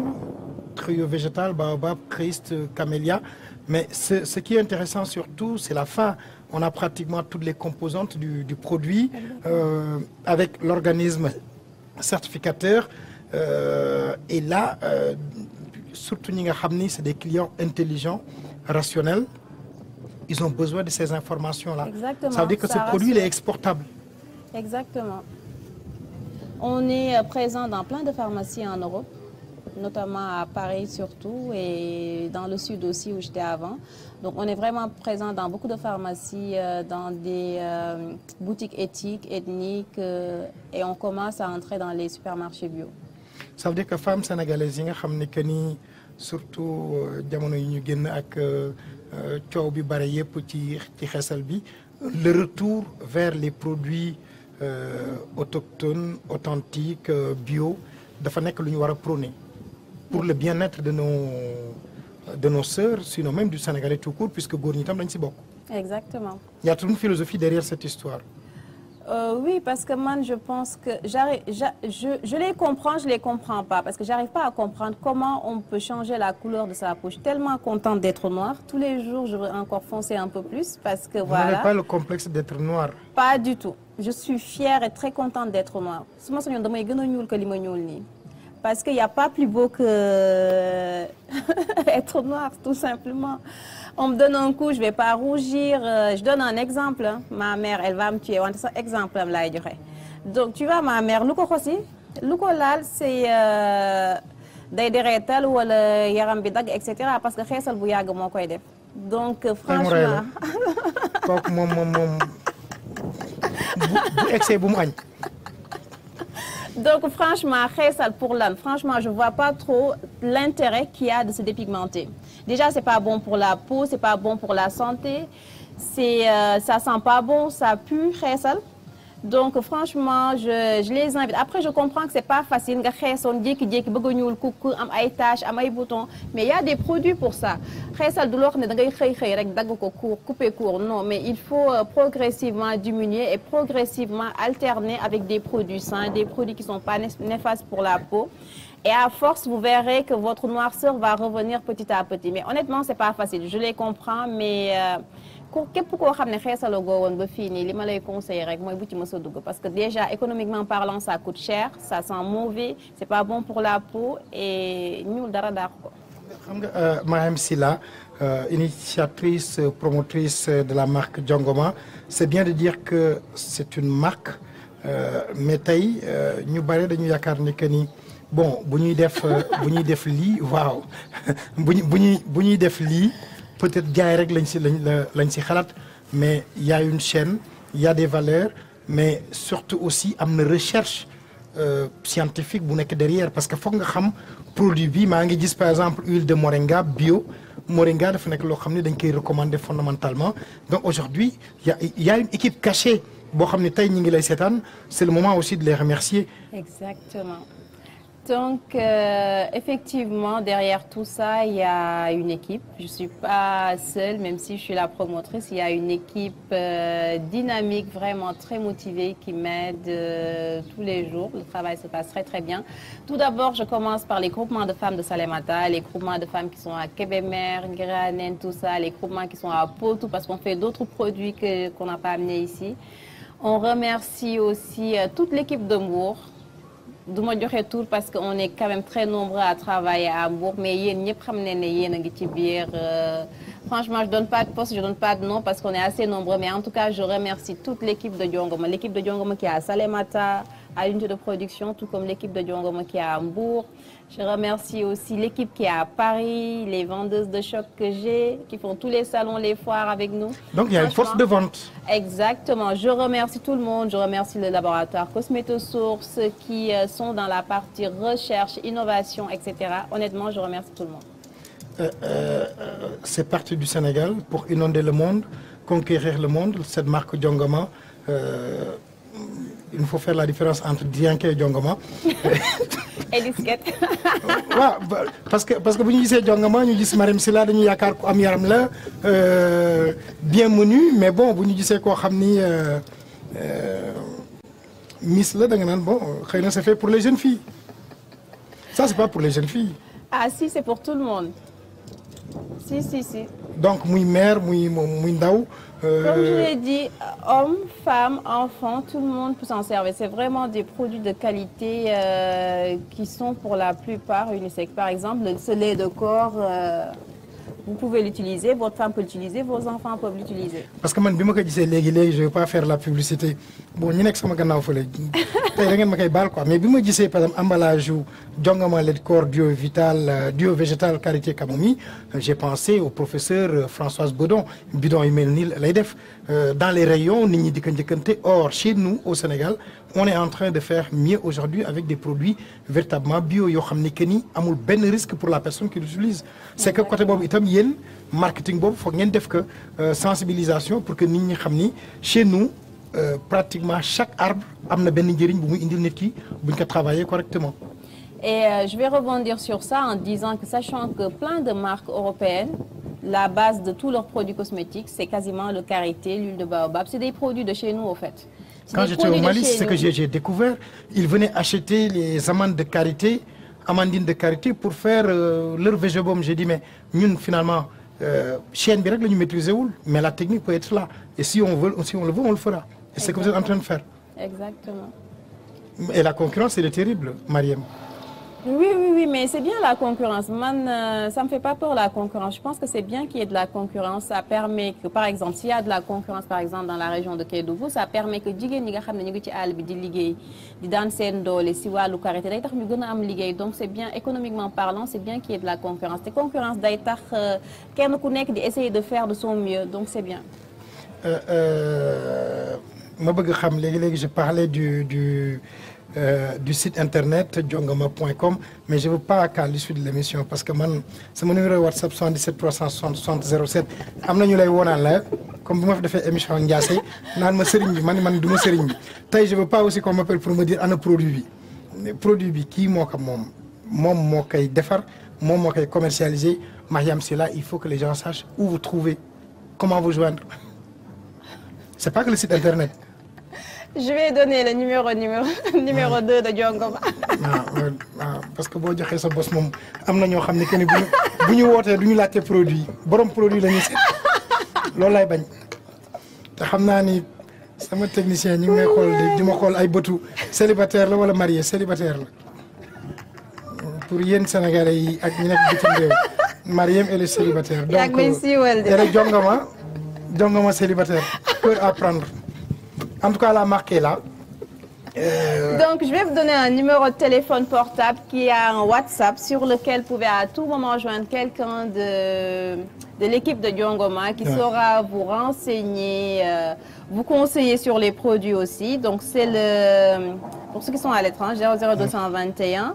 trio végétal baobab Christ camélia Mais ce, ce, qui est intéressant surtout, c'est la fin. On a pratiquement toutes les composantes du, du produit euh, avec l'organisme certificateur. Euh, et là, euh, surtout Hamni, c'est des clients intelligents, rationnels. Ils ont besoin de ces informations-là. Ça veut dire que ce rassure. produit il est exportable. Exactement. On est euh, présent dans plein de pharmacies en Europe. notamment à Paris surtout et dans le sud aussi où j'étais avant. Donc on vraiment présent dans beaucoup de pharmacies, euh, dans des euh, boutiques éthiques, ethniques euh, et on commence à entrer dans les supermarchés bio. Ça veut dire que femmes sénégalaises yi nga xam ne que ni surtout jamono yi ñu génn ak coow bi bare yépp ci ci xesal bi le retour les produits autochtones authentiques bio dafa nekk lu ñu war a prôner pour le bien-être de nos de nos sœurs sinon même du Sénégalais tout court puisque góor ñi tam dañ si bokk. exactement. y a toute une philosophie derrière cette histoire. Euh, oui parce que man je pense que j'arrive je je les comprends je les comprends pas parce que j'arrive pas à comprendre comment on peut changer la couleur de sa peau je suis tellement contente d'être noire tous les jours je veux encore foncer un peu plus parce que Vous voilà. Vous n'avez pas le complexe d'être noire. Pas du tout je suis fière et très contente d'être noire su ma sañoon damay gën a ñuul que li ma ñuul nii. Parce qu'il n'y a pas plus beau que euh, être noir, tout simplement. On me donne un coup, je ne vais pas rougir. Euh, je donne un exemple. Hein. Ma mère, elle va me tuer. Exemple, là, il Donc, tu vois, ma mère, nous aussi, nous c'est euh, day dereetal wala yaram bi dagg et parce que xeesal bu yàgg moo koy def. donc franchement. bu excès mu añ. Donc franchement, Khaysal pour l'âne, franchement, je vois pas trop l'intérêt qu'il y a de se dépigmenter. Déjà, c'est pas bon pour la peau, c'est pas bon pour la santé. C'est euh, ça sent pas bon, ça pue Khaysal. donc franchement je les invite après je comprends que c'est pas facile nga xeesoon jékki-jékki bëgg a ñuul kukk am ay taches am ay boutons mais y a des produits pour ça xeesal du loo xam ne da ngay xëy xëy rek dagg ko court couper court mais il faut euh, progressivement diminuer et progressivement alterner avec des produits sains des produits qui sont pas néfastes pour la peau et à force vous verrez que votre noirceur va revenir petit à petit mais honnêtement c'est pas facile je les comprends euh, ku képp koo xam ne xeesala goo woon ba fii nii li ma lay conseiller rek mooy bu ci mës a dugg parce que déjà économiquement parlant ça coûte cher ça sent mauvais c'est pas bon pour la peau et ñuul dara daax ko xam nga euh, Maham Silla euh, initiatrice promotrice de la marque Jongoma c'est bien de dire que c'est une marque euh, mais tey ñu bare dañu yaakaar ni que ni bon bu ñuy def bu ñuy def lii waaw ñuy def lii peut-être jaay rek lañ si lañ lañ si xalaat mais y a une chaîne y des valeurs mais surtout aussi am na recherche euh, scientifique bu nekk derrière parce que foog nga xam produit bi maa ngi gis par exemple huile de moringa bio moringa dafa nekk loo xam ne dañ koy recommander fondamentalement donc aujourd'hui y a y a une équipe cachée boo xam ne tey ñu ngi lay seetaan c'est le moment aussi de les remercier. Exactement. Donc, euh, effectivement, derrière tout ça, il y a une équipe. Je ne suis pas seule, même si je suis la promotrice. Il y a une équipe euh, dynamique, vraiment très motivée, qui m'aide euh, tous les jours. Le travail se passe très, très bien. Tout d'abord, je commence par les groupements de femmes de Salemata, les groupements de femmes qui sont à Kébémer, Granen, tout ça, les groupements qui sont à Potou, parce qu'on fait d'autres produits qu'on qu n'a pas amenés ici. On remercie aussi euh, toute l'équipe de Mour du ma joxe tour parce que on est quand même très nombreux à travailler à Mbour mais yéen ñëpp xam ne ne yéen a ngi ci biir euh, franchement je donne pas de poste je donne pas de nom parce qu'on est assez nombreux mais en tout cas je remercie toute l'équipe de Diongoma l'équipe de Diongoma qui est à Salemata à l'unité de production tout comme l'équipe de Diongoma qui est à Mbour Je remercie aussi l'équipe qui est à Paris, les vendeuses de choc que j'ai, qui font tous les salons, les foires avec nous. Donc il y a une force de vente. Exactement. Je remercie tout le monde. Je remercie le laboratoire Cosmétosource qui euh, sont dans la partie recherche, innovation, etc. Honnêtement, je remercie tout le monde. Euh, euh, euh, c'est parti du Sénégal pour inonder le monde, conquérir le monde. Cette marque Diongama, euh, il faut faire la différence entre dianke jongoma. et disquette. parce que parce que bu ñu gisee jongoma ñu gis Marème Sylla dañu yaakaar ku am yaram la euh, bien menu mais bon bu ñu gisee koo xam ni euh, euh, miss la da nga naan bon xëy na c'est fait pour les jeunes filles ça c'est pas pour les jeunes filles. ah si c'est pour tout le monde si si donc muy maire muy muy ndaw. Euh, Comme je l'ai dit, hommes, femmes, enfants, tout le monde peut s'en servir. C'est vraiment des produits de qualité euh, qui sont pour la plupart unisex. Par exemple, ce lait de corps... Euh, vous pouvez l'utiliser votre femme peut l'utiliser vos enfants peuvent l'utiliser parce que man bi ma ko gisee léegi léegi je vais pas faire la publicité bon ñu nekk sama gannaaw fële tey da ngeen ma koy baal quoi mais bi ma gisee par exemple emballage yu jongama le corps duo vital euh, duo végétal karité kamami euh, j'ai pensé au professeur euh, Françoise Godon bidon yu mel nii lay def dans les rayons nit ñi di ko njëkkante or chez nous au Sénégal on est en train de faire mieux aujourd'hui avec des produits véritablement bio yoo xam ni que ni amul benn risque pour la personne qui l'utilise c'est que côté boobu itam yéen marketing boobu foog ngeen def que euh, sensibilisation nit ñi xam ni chez nous euh, pratiquement chaque arbre am na benn njëriñ bu muy indil nit ki buñ ko travailler correctement et euh, je vais rebondir sur ça en disant que sachant de marques européennes la base de tous leurs produits cosmétiques c'est quasiment le karité l'huile de baobab c'est des produits Quand j'étais au Mali, c'est ce que j'ai découvert. Ils venaient acheter les amandes de karité, amandines de karité, pour faire euh, leur végébaume. J'ai dit, mais nous, finalement, euh, chaîne bi rek la ñu maîtriser wul mais la technique peut être là et si on veut si on le veut on le fera. et c'est ce que vous êtes en train de faire. exactement. et la concurrence elle est terrible Mariam. Oui, oui, oui, mais c'est bien la concurrence. Man, euh, ça ne me fait pas peur la concurrence. Je pense que c'est bien qu'il y ait de la concurrence. Ça permet que, par exemple, s'il y a de la concurrence, par exemple, dans la région de Kédougou, ça permet que jigéen ñi nga xam ne ñu ngi ci àll bi di liggéey di daan seen doole si wàllu karité day tax ñu gën a am liggéey donc c'est bien économiquement parlant c'est bien qu'il y ait de la concurrence te concurrence day tax euh, kenn ku nekk di essayer de faire de son mieux donc c'est bien. Euh, euh, ma bëgg xam léegi léegi je parlais du du. euh, du site internet jongama.com mais je veux pas qu'à l'issue de l'émission parce que man sama numéro WhatsApp 77 360 07 am na ñu lay woonaan la comme bu ma fi defee émission Ndiasse naan ma sëriñ bi man man du ma sëriñ bi tey je veux pas aussi qu'on m'appelle pour me dire ana produit bi produit bi kii moo ko moom moom moo koy defar moom moo koy commercialiser Mariam Sylla il faut que les gens sachent où vous trouvez comment vous joindre c'est pas que le site internet je vais donner le numéro numéro numéro 2 de Jongoma. waaw waaw parce que boo joxee sa bos moom am na ñoo xam ne que ni bu bu ñu wootee du ñu laajte produit borom produit la ñuy seet loolu lay bañ te xam naa ni sama technicien ñi ngi may xool di ma xool ay bëtu célibataire la wala marié célibataire la pour yéen Sénégalais yi ak ñi nekk bitim réew marié et les célibataires. donc yéen a jongama Jongoma célibataire peur à prendre. en tout cas la marque est là. Euh... Donc, je vais vous donner un numéro de téléphone portable qui a un WhatsApp sur lequel vous pouvez à tout moment joindre quelqu'un de, de l'équipe de Diongoma qui ouais. saura vous renseigner, euh, vous conseiller sur les produits aussi. Donc, c'est le, pour ceux qui sont à l'étranger, 00221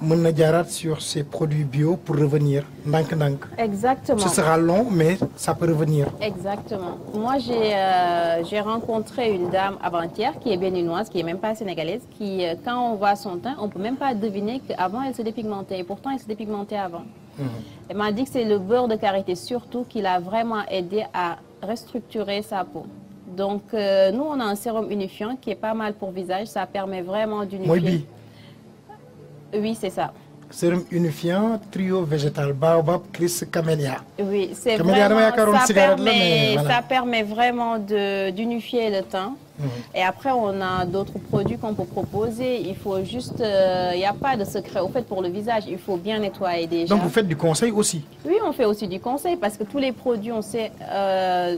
mën na jaaraat sur ces produits bio pour revenir ndànk-ndànk. exactement ce sera long mais ça peut revenir. exactement moi j'ai euh, j'ai rencontré une dame avant-hier qui est béninoise qui est même pas sénégalaise qui euh, quand on voit son teint on peut même pas deviner qu'avant elle se dépigmentait et pourtant elle se dépigmentait avant. Mm -hmm. Elle m'a dit que c'est le beurre de karité surtout qui l'a vraiment aidé à restructurer sa peau. Donc euh, nous on a un sérum unifiant qui est pas mal pour visage ça permet vraiment d'unifier. Oui, c'est ça. sérum unifiant trio végétal baobab Chris camélia. oui c'est vraiment ça permet voilà. ça permet vraiment de d'unifier le teint. Mm -hmm. et après on a d'autres produits qu'on peut proposer il faut juste il euh, n'y a pas de secret au fait pour le visage il faut bien nettoyer déjà. donc vous faites du conseil aussi. oui on fait aussi du conseil parce que tous les produits on sait. Euh,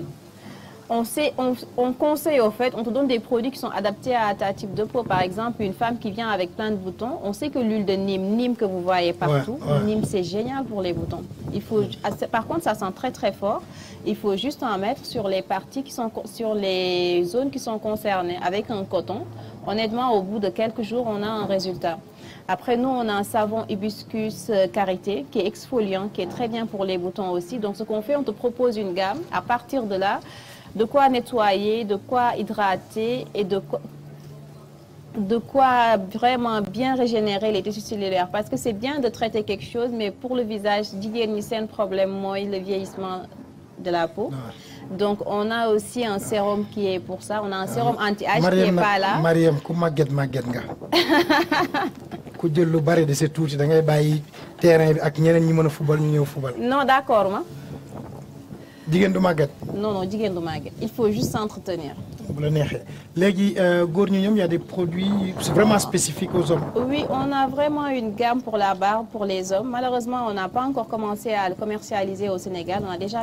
on, sait, on, on, conseille au fait, on te donne des produits qui sont adaptés à ta type de peau. Par exemple, une femme qui vient avec plein de boutons, on sait que l'huile de Nîmes, Nîmes que vous voyez partout, ouais, ouais. Nîmes c'est génial pour les boutons. Il faut, ah, par contre, ça sent très très fort. Il faut juste en mettre sur les parties qui sont sur les zones qui sont concernées avec un coton. Honnêtement, au bout de quelques jours, on a un résultat. Après, nous, on a un savon hibiscus euh, carité qui est exfoliant, qui est très bien pour les boutons aussi. Donc, ce qu'on fait, on te propose une gamme. À partir de là, de quoi nettoyer, de quoi hydrater et de quoi de quoi vraiment bien régénérer les tissus cellulaires parce que c'est bien de traiter quelque chose mais pour le visage jigéen ñi seen problème mooy le vieillissement de la peau donc on a aussi un sérum qui est pour ça on a un ah. sérum anti-âge qui est pas là Mariam ku màgget màgget nga ku jël lu bari de sa tuuti da ngay bàyyi terrain bi ak ñeneen ñi mën a fubal ñu ñëw fubal non d'accord ma jigéen du màgget. non non jigéen du màgget il faut juste s'entretenir. bu la neexee léegi euh, góor ñi ñoom y a des produits vraiment spécifiques aux hommes. oui on a vraiment une gamme pour la barbe pour les hommes malheureusement on n'a pas encore commencé à le commercialiser au Sénégal on a déjà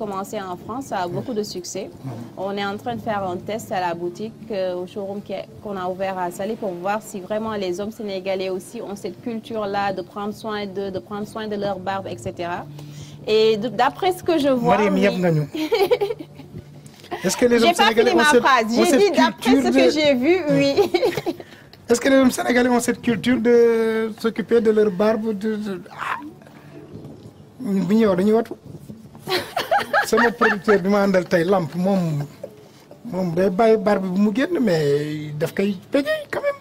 commencé en France ça a beaucoup de succès. on est en train de faire un test à la boutique euh, au showroom qu'on a ouvert à Saly pour voir si vraiment les hommes sénégalais aussi ont cette culture là de prendre soin de de prendre soin de leur barbe etc. Et d'après ce que je vois. Mariam, mais... Est-ce que les gens sénégalais pas fini ma phrase. J'ai dit d'après ce de... que j'ai vu, oui. Est-ce que les hommes sénégalais ont cette culture de s'occuper de leur barbe de... bu ñëw ah. dañuy watu sama producteur bi ma àndal tey lamp moom moom day bàyyi barbe bu mu génn mais daf koy pegee quand même.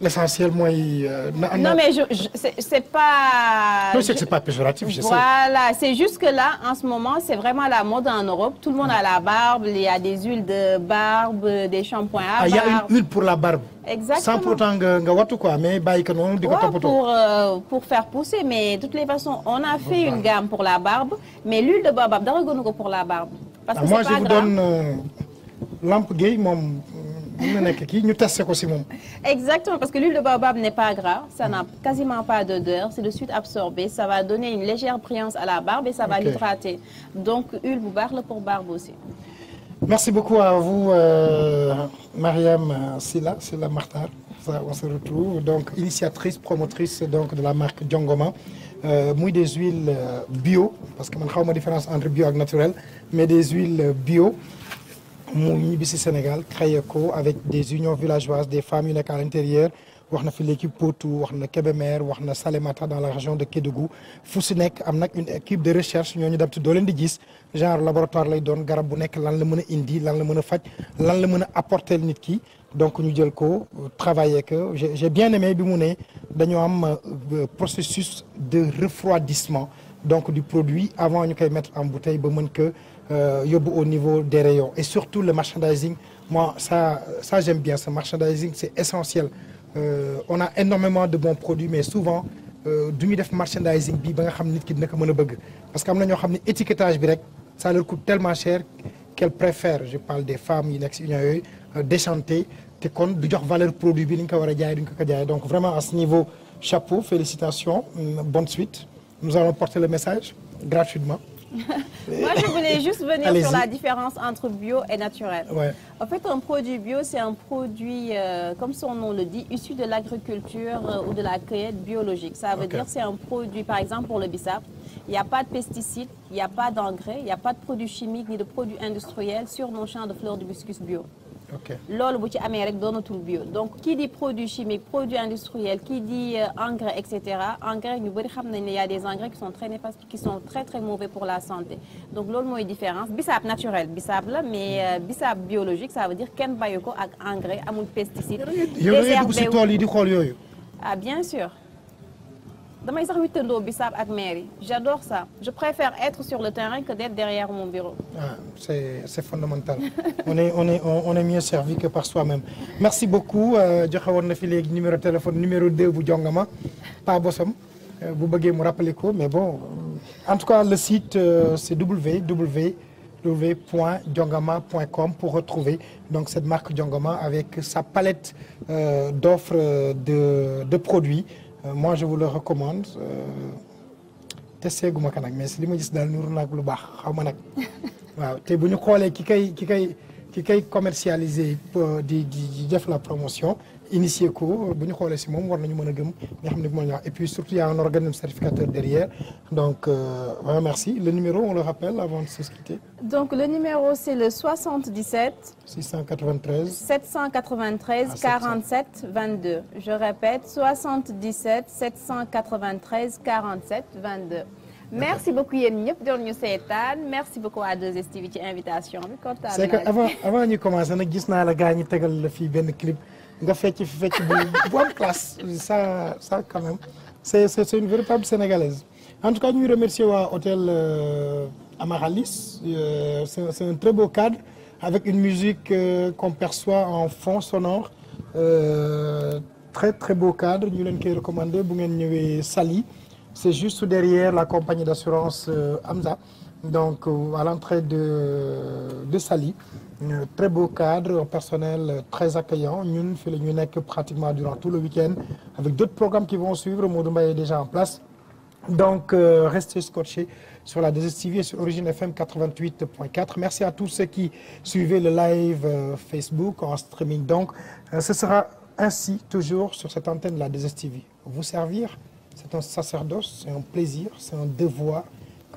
l'essentiel mooy. Euh, na non mais je, je c'est, c'est pas. non c'est que c'est pas péjoratif. je voilà, sais voilà c'est juste que là en ce moment c'est vraiment la mode en Europe tout le monde ah. a la barbe il y a des huiles de barbe des shampoings à ah, barbe. il y a une huile pour la barbe. exactement sans pourtant nga nga wattu quoi mais bàyyi ko noonu. di ko toppatoo pour euh, pour faire pousser mais de toutes les façons on a fait ah. une gamme pour la barbe mais l'huile de baobab dara gënu ko pour la barbe. parce ah, que c'est pas grave moi je vous donne euh, Lamp Gueye moom. mën na nekk kii ñu testé ko si moom. exactement parce que l'huile de baobab n'est pas gras ça n'a quasiment pas d'odeur c'est de suite absorbé ça va donner une légère brillance à la barbe et ça va okay. l'hydrater donc huile bu baax la pour barbe aussi. merci beaucoup à vous euh, Mariam euh, Silla Silla Makhtar ça on se retrouve donc de la marque Jongoma. Euh, muy des huiles euh, bio parce que man xaw ma différence entre bio ak naturel mais des huiles euh, bio. mu ñibbi si Sénégal créé ko avec des unions villageoises des femmes yu nekk à l'intérieur wax na fi l'équipe Potou wax na Kébémer wax na Salémata dans la région de Kédougou fu si nekk am nag une équipe de recherche ñooñu dab te doo leen di gis genre laboratoire lay doon garab bu nekk lan la mën a indi lan la mën a faj lan la mën a apporter nit ki donc ñu jël ko travailler que j'ai bien aimé bi mu ne dañoo am euh, processus de refroidissement donc du produit avant ñu koy mettre en bouteille ba mën que Euh, yóbbu au niveau des rayons et surtout le merchandising moi ça ça j'aime bien ce merchandising c'est essentiel euh, on a énormément de bons produits mais souvent euh, du ñu def merchandising bi ba nga xam nit ki dina ko mën a bëgg parce que am na ñoo xam ne étiquetage bi rek ça leur coûte tellement cher qu'elles préfèrent je parle des femmes yi nekk si union yooyu déchanter te kon du jox valeur produit bi ni ñu ko war a jaay du ñu donc vraiment à ce niveau chapeau félicitations bonne suite nous allons porter le message gratuitement Moi, je voulais juste venir sur la différence entre bio et naturel. Ouais. En fait, un produit bio, c'est un produit, euh, comme son nom le dit, issu de l'agriculture euh, ou de la cueillette biologique. Ça veut okay. dire c'est un produit, par exemple, pour le bissap, il n'y a pas de pesticides, il n'y a pas d'engrais, il n'y a pas de produits chimiques ni de produits industriels sur nos champs de fleurs d'hibiscus bio. loolu bu ci amee rek doonatul bio donc kii di produit chimique produit industriel kii di euh, engrais et cetera engrais ñu bëri xam nañ ne y a des engrais qui sont très néfastes qui sont pour la santé donc loolu mooy différence bisaab naturel bisaab la mais euh, bisaab biologique ça veut dire kenn bàyyi ko ak engrais amul pesticide. yow da ngay dugg si di xool yooyu. ah bien sûr. damay sax wittandoo bisaab ak maire yi j'adore ça je préfère être sur le terrain que d'être derrière mon bureau ah c'est c'est fondamental on est on est on est mieux servi que par soi-même merci beaucoup euh, joxe woon na fi léegi numéro téléphone numéro 2 bu jongama pa bosam euh, bu bëggee mu rappelé ko mais bon euh, en tout cas le site c'est www www.diongama.com pour retrouver donc cette marque Diongama avec sa palette euh, d'offres de, de produits Euh, moi je vous le recommande euh, testé gu ma nag mais li ma gis daal nuru naag lu baax xaw ma nag waaw te bu ñu xoolee ki kay ki kay ki kay commercialisé euh, di di def la promotion initier ko bu ñu xoolee si moom war nañu mën a gëm nga xam ne moo a un organisme certificateur derrière donc euh, merci le numéro on le rappelle avant de se quitter. donc le numéro c'est le 77. 693. 793 ah, 47 22 je répète 77 793 47 22. merci beaucoup yéen ñëpp doon ñu seetaan merci beaucoup à 2STV ci invitation bi kontaan c'est que avant avant ñu commencé nag gis naa la gars ñi tegal la fii benn clip. nga fecc fi fecc bu bu am classe ça ça quand même c'est c'est une véritable sénégalaise en tout cas ñuy remercier waa hôtel euh, Amaralis euh, c'est c'est un très beau cadre avec une musique euh, qu'on perçoit en fond sonore très très beau cadre ñu leen koy recommander bu ngeen ñëwee Saly c'est juste derrière la compagnie d'assurance Amza donc euh, à l'entrée de de Saly très beau cadre personnel très accueillant ñun fi la ñu nekk pratiquement durant tout le week-end avec d'autres programmes qui en place donc euh, restez scotchés sur la 2STV et FM 88.4 merci à tous ceux qui suivaient le live euh, Facebook en streaming donc euh, ce sera toujours sur cette la 2STV vous servir c'est un sacerdoce